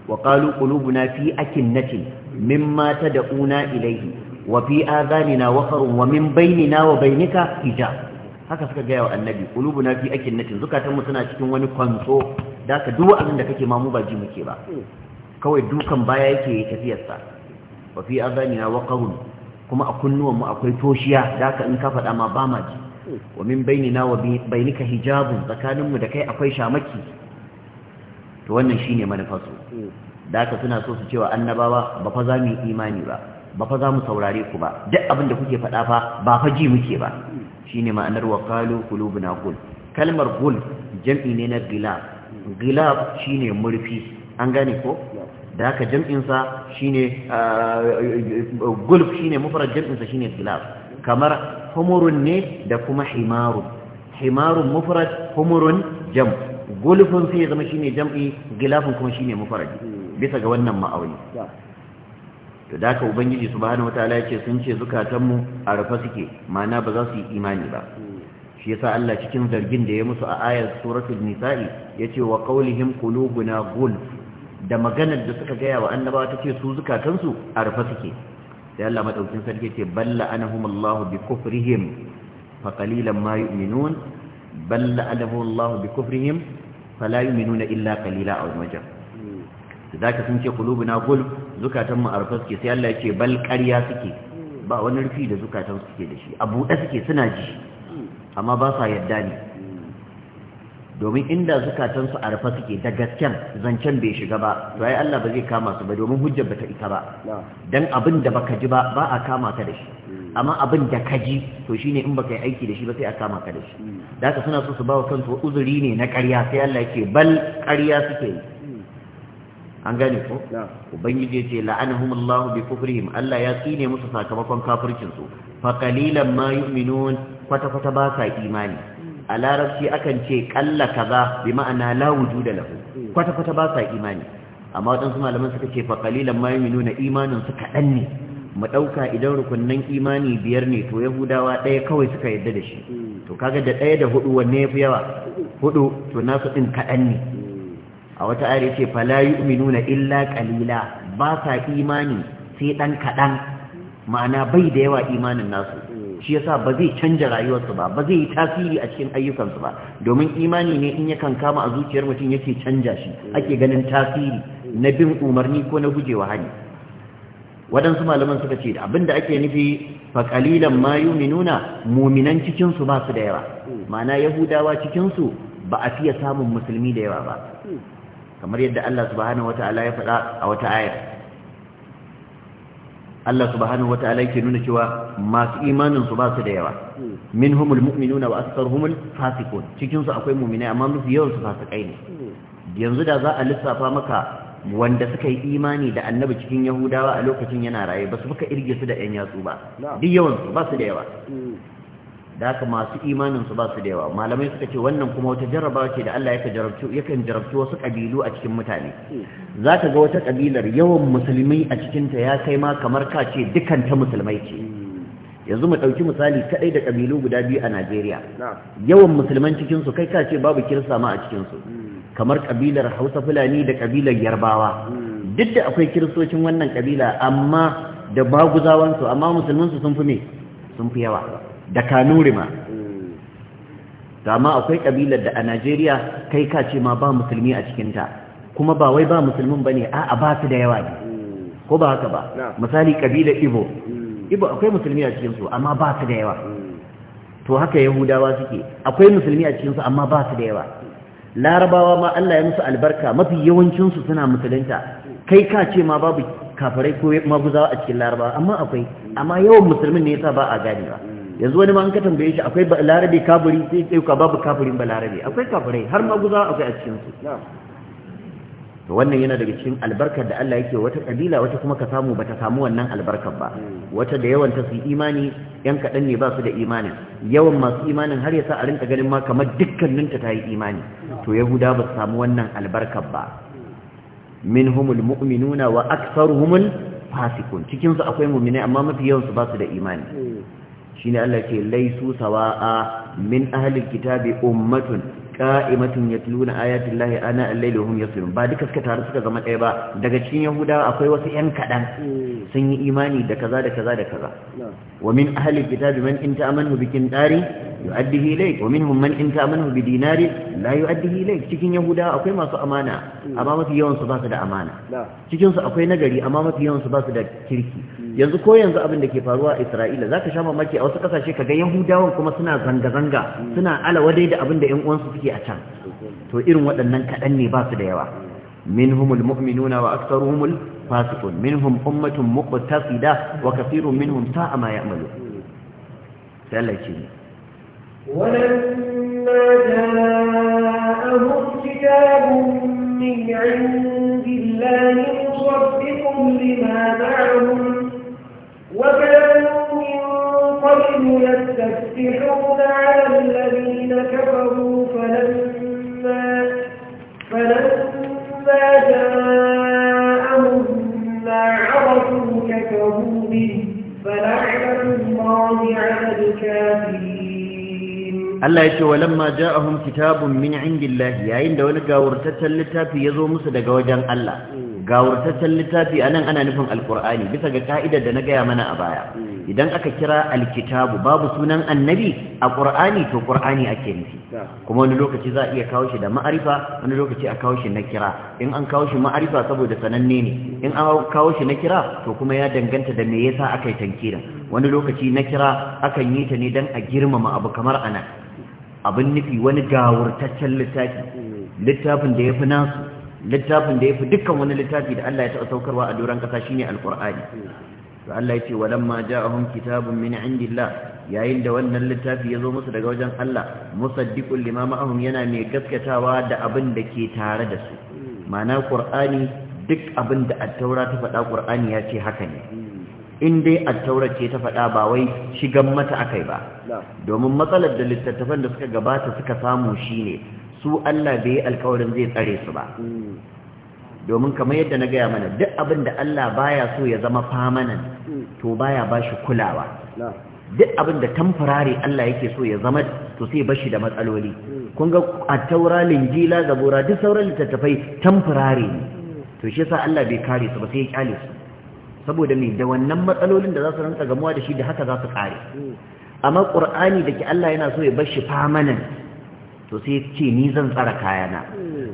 wa qalu qulubuna fi akinnati mimma tad'una ilayhi wa fi adhanina waqrun wa min bainina wa bainika hijab haka suka ga wa annabi qulubuna fi akinnati zukatan mu suna cikin wani kwanso da ka duk abin da kake ma mu ba ji muke ba kawai dukan baya yake tafiyar sa wa fi adhanina waqrun kuma a kunnuwan mu akwai toshiya da ka in ka faɗa ma ba ma ji wa min bainina wa bainika hijabun tsakaninmu da kai akwai shamaki to wannan shine manufarsu da haka suna so su cewa annabawa ba fa za mu imani ba ba fa za mu saurare ku ba duk abin da kuke faɗa fa ba fa ji muke ba shine ma'anar wa qalu qulubuna qul kalmar gul jam'i ne na gilab gilab shine murfi an gane ko da haka jam'insa shine ah, gulf shine mufrad jam'insa shine gilab kamar humurun ne da kuma himarun himarun mufrad humurun jam sai ya zama shine jam'i gilafin kuma shine mufrad bisa ga wannan ma'auni to da haka ubangiji subhanahu wataala yace sun ce zukatanmu a rufe suke ma'ana ba za su yi imani ba shi yasa Allah cikin zargin da ya musu a ayar suratul nisa'i yace wa qawlihim qulubuna gulf da maganar da suka gaya wa annabawa tace su zukatansu a rufe suke sai Allah madaukin sarki ce balla anahum Allah bi kufrihim fa qalilan ma yu'minun balla anahum Allah bi kufrihim fala yu'minuna illa qalila aw majam zaka sun ce qulubuna gul zukatan mu arfa suke sai Allah yake bal ƙarya suke ba wani rufi da zukatan suke da shi a buɗe suke suna ji amma ba sa yadda ne domin inda zukatansu a rufe suke da gasken zancen bai shiga ba to ai Allah ba zai kama su ba domin hujjar bata isa ba dan abin da baka ji ba ba a kama ka da shi hmm. amma abin da ka ji to shine in baka yi aiki da shi ba sai a kama ka da shi hmm. da haka suna so su ba wa kansu uzuri ne na ƙarya sai Allah yake bal ƙarya suke yi hmm. an gane ko ubangiji ce la'anahum Allah bi kufrihim Allah ya tsine musu sakamakon kafircin su fa qalilan ma yu'minun kwata kwata ba sa imani a larabci akan ce kalla kaza bi ma'ana la wujuda lahu kwata kwata ba sa imani amma wadansu malaman suka ce fa qalilan ma yu'minuna imanin su kadan ne mu dauka idan rukunnan imani biyar ne to yahudawa daya kawai suka yadda da shi to kaga da daya da hudu wanne yafi yawa hudu to nasu din kadan ne a wata ayar yace fala yu'minuna illa qalila ba sa imani sai dan kadan ma'ana bai da yawa imanin nasu shi yasa ba zai canja rayuwarsu ba ba zai yi tasiri a cikin ayyukansu ba domin imani ne in yakan kama a zuciyar mutum yake canja shi ake ganin tasiri na bin umarni ko na gujewa hali waɗansu malaman suka ce abinda ake nufi fa qalilan ma yu'minuna mu'minan cikin su ba su da yawa ma'ana yahudawa cikin su ba a fiye samun musulmi da yawa ba kamar yadda Allah subhanahu wata'ala ya faɗa a wata ayar Allah subhanahu ta'ala yake nuna cewa masu imanin su ba su da yawa minhumul mu'minuna wa aktharuhumul fasiqun cikin su akwai mu'minai amma mafi yawan su fasikai ne yanzu da za a lissafa maka wanda suka yi imani da annabi cikin yahudawa a lokacin yana raye ba su fuka irge su da yan yatsu ba duk yawan su ba su da yawa mm. da haka masu imanin su ba su da yawa malamai suka ce wannan kuma wata jarrabawa ce da Allah ya jarabci yakan jarabci wasu kabilu a cikin mutane za ka ga wata kabilar yawan musulmi a cikin ya kai ma kamar ka ce dukkan ta musulmai ce yanzu mu dauki misali kadai da kabilu guda biyu a Najeriya yawan musulman cikin su kai ka ce babu kirsa ma a cikin su hmm. kamar kabilar Hausa Fulani da kabilar Yarbawa hmm. duk da akwai kiristocin wannan kabila amma da maguzawansu amma musulmansu sun fi me sun fi yawa da kanuri ma akwai kabilar da a Najeriya kai ka ce ma ba musulmi a cikinta kuma ba wai ba musulmin bane a'a ba su da yawa ne ko ba haka ba misali kabilar Igbo hmm. Igbo akwai musulmi a cikin su amma ba su da yawa hmm. to haka Yahudawa suke akwai musulmi a cikin su amma ba su da yawa Larabawa ma Allah ya musu albarka mafi yawancin su suna musulunta kai ka ce ma babu kafirai ko maguzawa a cikin Larabawa amma akwai amma yawan musulmin ne yasa ba a gane ba yanzu wani ma an ka tambaye shi akwai larabi kafiri sai sai ka babu kafirin larabi akwai kafirai har maguza akwai a cikin su to wannan yana daga cikin albarkar da Allah yake wata kabila wata kuma ka samu bata samu wannan albarkar ba hmm. wata da yawan ta su imani yan kadan ne ba su da imanin yawan masu imanin har ya sa a rinka ganin ma kamar dukkanin ta tayi imani to yahuda ba su samu wannan albarkar ba minhumul mu'minuna wa aktharuhumul fasiqun cikin su akwai mu'mini amma mafi yawan su ba su da imani hmm. shine Allah ce laisu sawa'a min ahlil kitabi ummatun qa'imatun yatluna ayati llahi ana al-layli hum ba duka suka taru suka zama ɗaya ba daga cikin yahudawa akwai wasu yan kaɗan hmm. sun yi imani da kaza da kaza da kaza wa min ahlil kitabi man in ta'amanu bi qintari yu'addihi ilayk wa minhum man in ta'amanu bi dinari la yu'addihi ilayk cikin yahudawa akwai masu amana hmm. amma mafi yawan su ba su da amana cikin su akwai nagari amma mafi yawan su ba su da kirki yanzu ko yanzu abin da ke faruwa a Isra'ila zaka sha mamaki a wasu kasashe kaga Yahudawan kuma suna zanga-zanga suna alawadai da abin da ƴan uwansu suke a can to irin waɗannan kaɗan ne ba su da yawa minhumul mu'minuna wa aktsaruhumul fasiqun minhum ummatun muqtasida wa kathirun minhum sa'a ma ya'malu sai Allah ya ce ولما جاءهم كتاب من عند الله مصدق لما معهم وكانوا من قبل يستفتحون على الذين كفروا فلما فلما جاءهم ما عرفوا كفروا به فلعنة الله على الكافرين Allah ya ce wa lamma ja'ahum kitabun min indillahi yayin da wani gawurtaccen littafi ya zo musu daga wajen Allah gawurtaccen littafi a nan ana nufin alkur'ani bisa ga ka'idar da na gaya mana a baya hmm. idan aka kira alkitabu babu sunan annabi a ƙur'ani to ƙur'ani ake nufi kuma wani lokaci za a iya kawo shi da ma'arifa wani lokaci a kawo shi na kira in an kawo shi ma'arifa saboda sananne ne in an kawo shi na kira to kuma ya danganta da me yasa aka yi tankirin wani lokaci na kira akan yi ta ne don a girmama abu kamar ana abin nufi wani gawurtaccen littafi hmm. littafin da ya fi nasu littafin da ya fi dukkan wani littafi da Allah ya taɓa saukarwa a doron ƙasa shine alƙur'ani to Allah ya ce walamma ja'ahum kitabun min indillah yayin da wannan littafi ya zo musu daga wajen Allah musaddiqul lima ma'ahum yana mai gaskatawa da abin da ke tare da su ma'ana qur'ani duk abin da at-taura ta faɗa qur'ani ya ce haka ne in dai at-taura ce ta faɗa ba wai shigan mata akai ba domin matsalar da littattafan da suka gabata suka samu shine su Allah bai yi alkawarin zai tsare su ba domin kamar yadda na gaya mana duk abin da Allah baya so ya zama famanan to baya ba shi kulawa duk abin da Allah yake so ya zama to sai bashi da matsaloli kun ga a taura linjila zabura duk sauran littattafai tamfurare ne to shi yasa Allah bai kare su ba sai ya kyale su saboda me da wannan matsalolin da za su rantsa gamuwa da shi da haka za su kare amma qur'ani da ke Allah yana so ya bashi famanan to sai ce ni zan tsara kayana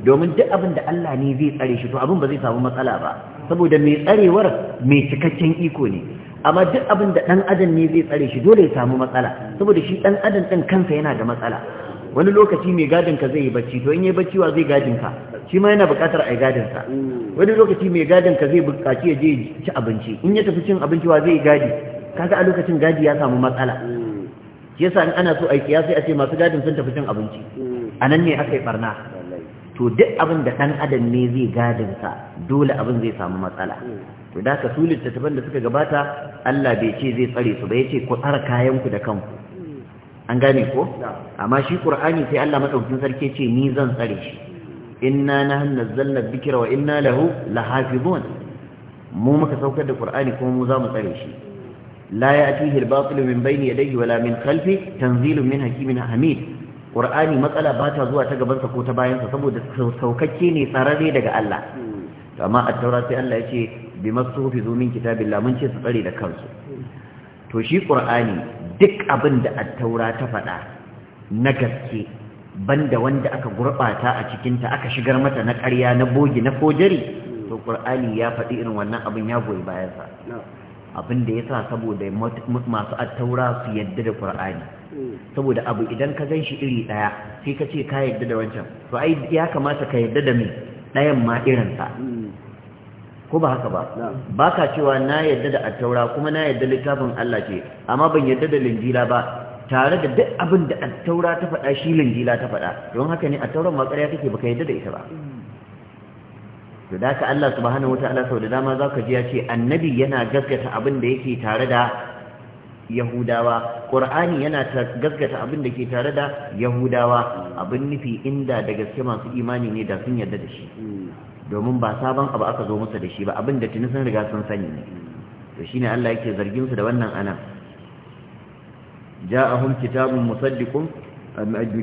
domin duk abin da Allah ne zai tsare shi to abin ba zai samu matsala ba saboda mai tsarewar mai cikakken iko ne amma duk abin da dan adam ne zai tsare shi dole ya samu matsala saboda shi dan adam din kansa yana da matsala wani lokaci mai gadin ka zai yi bacci to in yi bacci wa zai gadin ka shi ma yana buƙatar ai gadin sa wani lokaci mai gadin ka zai buƙaci ya je ci abinci in ya tafi cin abinci wa zai gadi kaga a lokacin gadi ya samu matsala shi yasa in ana so ai kiyasi a ce masu gadin sun tafi cin abinci a nan ne aka yi ɓarna? to duk abin da kan adam ne zai gadinsa dole abin zai samu matsala to da ka su littattafan da suka gabata Allah bai ce zai tsare su ba ya ce ku tsara kayanku da kanku an gane ko amma shi qur'ani sai Allah madaukakin sarki ce ni zan tsare shi inna nahnu nazzalna dhikra wa inna lahu lahafizun mu muka saukar da qur'ani kuma mu za mu tsare shi la ya'tihi al-batilu min bayni yadayhi wala min khalfi tanzilun min hakimin hamid Ƙur'ani matsala ba ta zuwa ta gabansa ko ta bayansa saboda saukakke ne tsararre daga Allah amma at-taura sai Allah ya ce bi masufi min kitabin mun ce su tsare da kansu to shi ƙur'ani duk abin da at-taura ta faɗa na gaske banda wanda aka gurɓata a cikinta aka shigar mata na ƙarya na bogi na kojari to ƙur'ani ya faɗi irin wannan abin ya goyi bayansa abin da yasa saboda masu at-taura su yadda da ƙur'ani. saboda abu idan ka gan shi iri ɗaya sai ka ce ka yadda da wancan to ai ya kamata ka yadda da mai ɗayan ma irinsa ko ba haka ba ba ka cewa na yadda da attaura kuma na yadda littafin Allah ce amma ban yadda da linjila ba tare da duk abin da attaura ta faɗa shi linjila ta faɗa don haka ne attauran ma ƙarya take baka yadda da ita ba to da ka Allah subhanahu wataala sau da dama zaka ji ya ce annabi yana gaskata abin da yake tare da yahudawa ƙur'ani yana gaskata abin da ke tare da yahudawa abin nufi inda da gaske masu imani ne da sun yarda da shi domin ba sabon abu aka zo musu da shi ba abin da tuni sun riga sun sani ne to shine Allah yake zargin su da wannan ana ja'ahum kitabun musaddiqun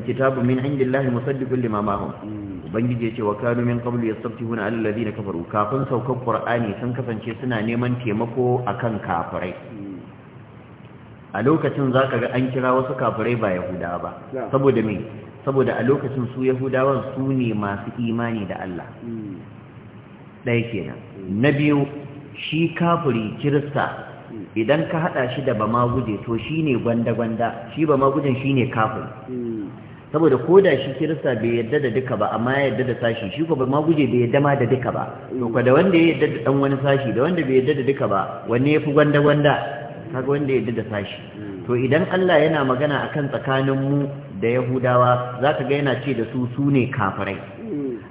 kitabun min indillahi musaddiqun lima ma'ahum ubangiji yace wa kanu min qablu yastabtihuna alladhina kafaru kafin saukar qur'ani sun kasance suna neman taimako akan kafirai a lokacin za ka ga an kira wasu kafirai ba yahudawa ba saboda me saboda a lokacin su yahudawan su ne masu imani da Allah hmm. ɗaya kenan na biyu shi kafiri kirista hmm. idan ka haɗa shi da ba maguje to shi ne gwanda-gwanda shi ba magujen shi ne kafiri hmm. saboda ko da shi kirista bai yadda da duka ba amma ya yadda da sashi shi ko ba maguje bai yadda ma da duka ba to da wanda ya yadda da ɗan wani sashi da wanda bai yadda da duka ba wanne ya fi gwanda-gwanda kaga wanda ya da sashi to idan Allah yana magana akan tsakanin mu da Yahudawa zaka ga yana ce da su su ne kafirai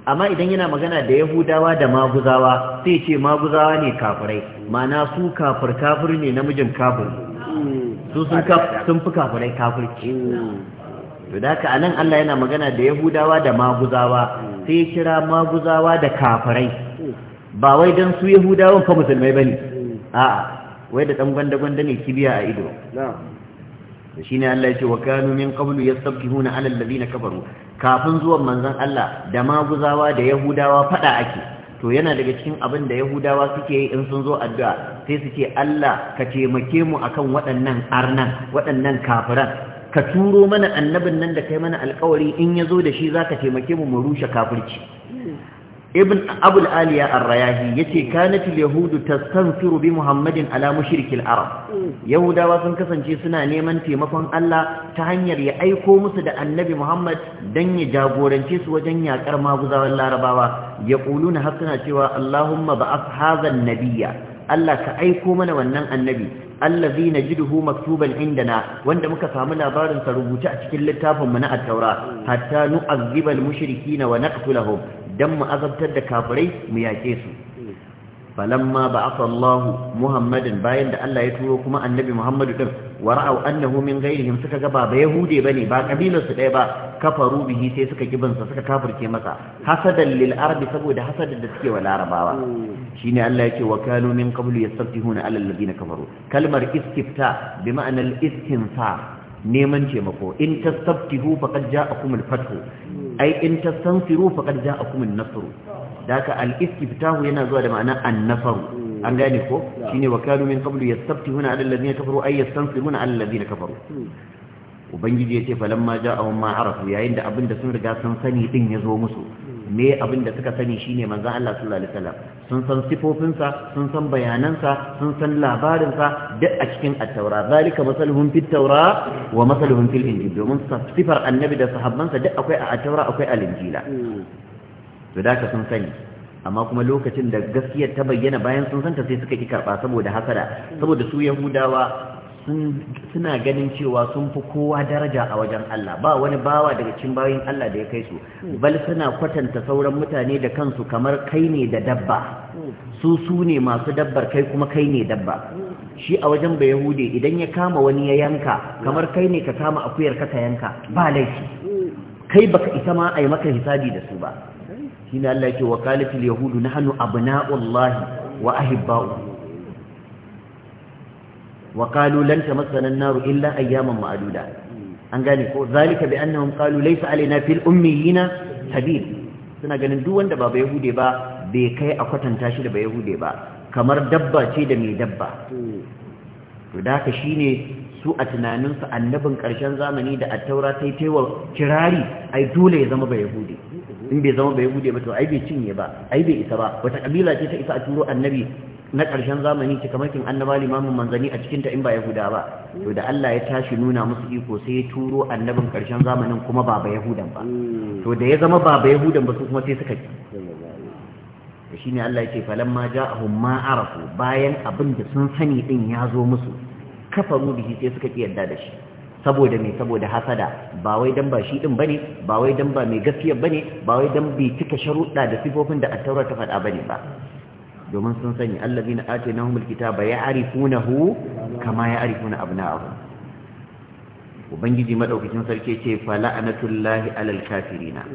amma idan yana magana da Yahudawa da maguzawa sai ce maguzawa ne kafirai ma'ana su kafir kafir ne namijin kafir su sun sun fi kafirai kafirci to da haka anan Allah yana magana da Yahudawa da maguzawa sai kira maguzawa da kafirai ba wai dan su Yahudawan fa musulmai bane a'a wai da dan gwanda-gwanda ne kibiya a ido da shi ne Allah ya ce wa kanu min qablu yastabihuna ala alladhina kafaru kafin zuwan manzon Allah da maguzawa da yahudawa fada ake to yana daga cikin abin da yahudawa suke yi in sun zo addu'a sai suke Allah ka taimake mu akan waɗannan arnan waɗannan kafiran ka turo mana annabin nan da kai mana alƙawari in ya zo da shi zaka taimake mu mu rushe kafirci hmm. ibn abul aliya ar-rayahi yace kanat al-yahudu tastanfiru bi muhammadin ala mushrikil arab yahudawa sun kasance suna neman taimakon Allah ta hanyar ya aiko musu da annabi muhammad dan ya jagorance su wajen yakar maguzawan larabawa ya ƙulu na suna cewa allahumma ba'ath hadha an-nabiyya Allah ka aiko mana wannan annabi allazi najiduhu maktuban indana wanda muka samu labarin sa rubuce a cikin littafin mu na at-taura hatta nu'azziba al-mushrikeena wa naqtulahum dan mu azabtar da kafirai mu yake su falamma ba'atha Allah Muhammadin bayan da Allah ya turo kuma annabi Muhammadu din wa ra'aw annahu min ghayrihim suka ga ba ba yahude bane ba kabilar su ɗaya ba kafaru bihi sai suka kibansa suka kafirce masa hasadan lil arabi saboda hasadan da suke wa larabawa shine Allah yake wa kanu min qablu na ala alladhina kafaru kalmar istifta bi ma'ana al istinfar neman taimako in tastaftihu faqad ja'akum al fathu ai in tastanfiru faqad ja'akum an nasru da haka al-istiftahu yana zuwa da ma'ana annafaru an gane ko shine wa kanu min qablu yastabtihuna ala alladhina kafaru ay yastansibuna ala alladhina kafaru ubangiji yace falamma ja'ahum ma arafu yayin da abinda sun riga sun sani din ya zo musu me abinda suka sani shine manzon Allah sallallahu alaihi wasallam sun san sifofinsa sun san bayanansa sun san labarinsa duk a cikin at-taura zalika masaluhum fit taura wa masaluhum fil injil domin sifar annabi da sahabbansa duk akwai a at akwai al-injila to da ka sun sani amma kuma lokacin da gaskiyar ta bayyana bayan sun santa sai suka ki karba saboda hasada saboda su yahudawa suna ganin cewa sun fi kowa daraja a wajen Allah ba wani bawa daga cikin bayin Allah da ya kai su bal suna kwatanta sauran mutane da kansu kamar kai ne da dabba su su ne masu dabbar kai kuma kai ne dabba shi a wajen ba yahude idan ya kama wani ya yanka kamar kai ne ka kama akuyar ka ka yanka ba laifi kai baka isa ma a yi maka hisabi da su ba shine Allah yake wa qalatil yahudu na hannu wa ahibba'u wa qalu lan tamassana an-nar illa ayyaman ma'aduda. an gane ko zalika bi annahum qalu laysa alaina fil ummiyina sabil suna ganin duk wanda ba hude ba bai kai a kwatanta shi da ba yahude ba kamar dabba ce da mai dabba to da haka shine su a tunanin tunaninsu annabin ƙarshen zamani da a taura ta yi kirari ai dole ya zama ba yahudi in bai zama bai bude ba to ai bai cinye ba ai bai isa ba wata kabila ce ta isa a turo annabi na karshen zamani ce kamar kin annaba limamin manzani a cikin ta in ba yahuda ba to da Allah ya tashi nuna musu iko sai ya turo annabin ƙarshen zamanin kuma ba ba yahudan ba to da ya zama ba ba yahudan ba su kuma sai suka ki shine Allah ya ce falamma ja'ahum ma arafu bayan abin da sun sani din ya zo musu kafaru bihi sai suka ki yadda da shi saboda me saboda hasada ba wai dan ba shi din bane ba wai dan ba mai gaskiya bane ba wai dan bai cika sharuɗa da sifofin da at ta faɗa bane ba domin sun sani allazina atainahumul kitaba ya'rifunahu kama ya'rifuna abna'ahum ubangiji madaukakin sarki ce fala'anatullahi alal kafirina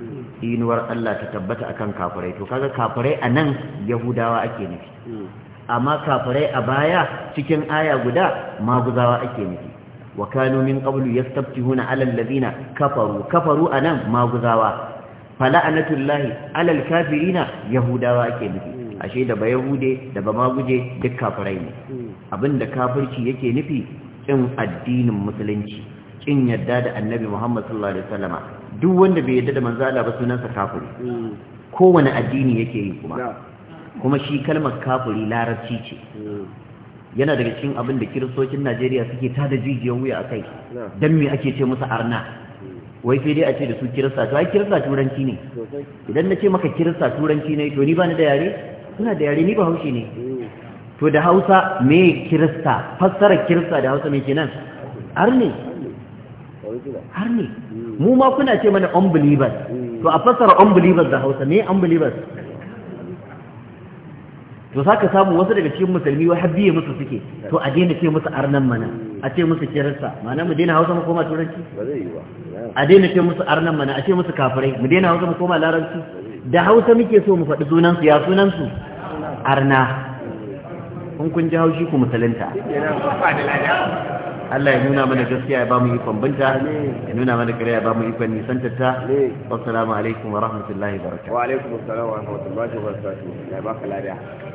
inuwar Allah ta tabbata akan kafirai to kaga kafirai anan yahudawa ake nufi amma kafirai a baya cikin aya guda maguzawa ake nufi wa kanu min qablu yastaftihuna ala alladhina kafaru kafaru nan maguzawa fala'anatullahi ala alkafirina yahudawa ke nufi ashe da ba yahude da ba maguje duk kafirai ne abinda kafirci yake nufi kin addinin musulunci kin yadda da annabi Muhammad sallallahu alaihi wasallama duk wanda bai yadda da manzo Allah ba sunansa kafiri kowane addini yake yi kuma kuma shi kalmar kafiri larabci ce hmm. yana daga cikin abin da kiristocin najeriya suke ta da jijiyar wuya a kai don me ake ce musu arna wai sai dai a ce da su kirista to ai kirista turanci ne idan na ce maka kirista turanci ne to ni ba ni da yare suna da yare ni ba haushi ne to da hausa me kirista fassara kirista da hausa me kenan arne. Arne. mu ma kuna ce mana unbelievers to a fassara unbelievers da hausa me unbelievers to saka samu wasu daga cikin musulmi wai har biye musu suke to a daina ce musu arnan mana a ce musu kirista ma'ana mu daina hausa mu koma turanci a daina ce musu arnan mana a ce musu kafirai mu daina hausa mu koma larabci da hausa muke so mu faɗi sunansu ya sunansu arna kun kun ji haushi ku musulunta Allah ya nuna mana gaskiya ya ba mu ikon binta ya nuna mana kare ya ba mu ikon nisantar ta wassalamu alaikum wa rahmatullahi wa barakatuh wa alaikum assalam wa rahmatullahi wa barakatuh ya baka ladiya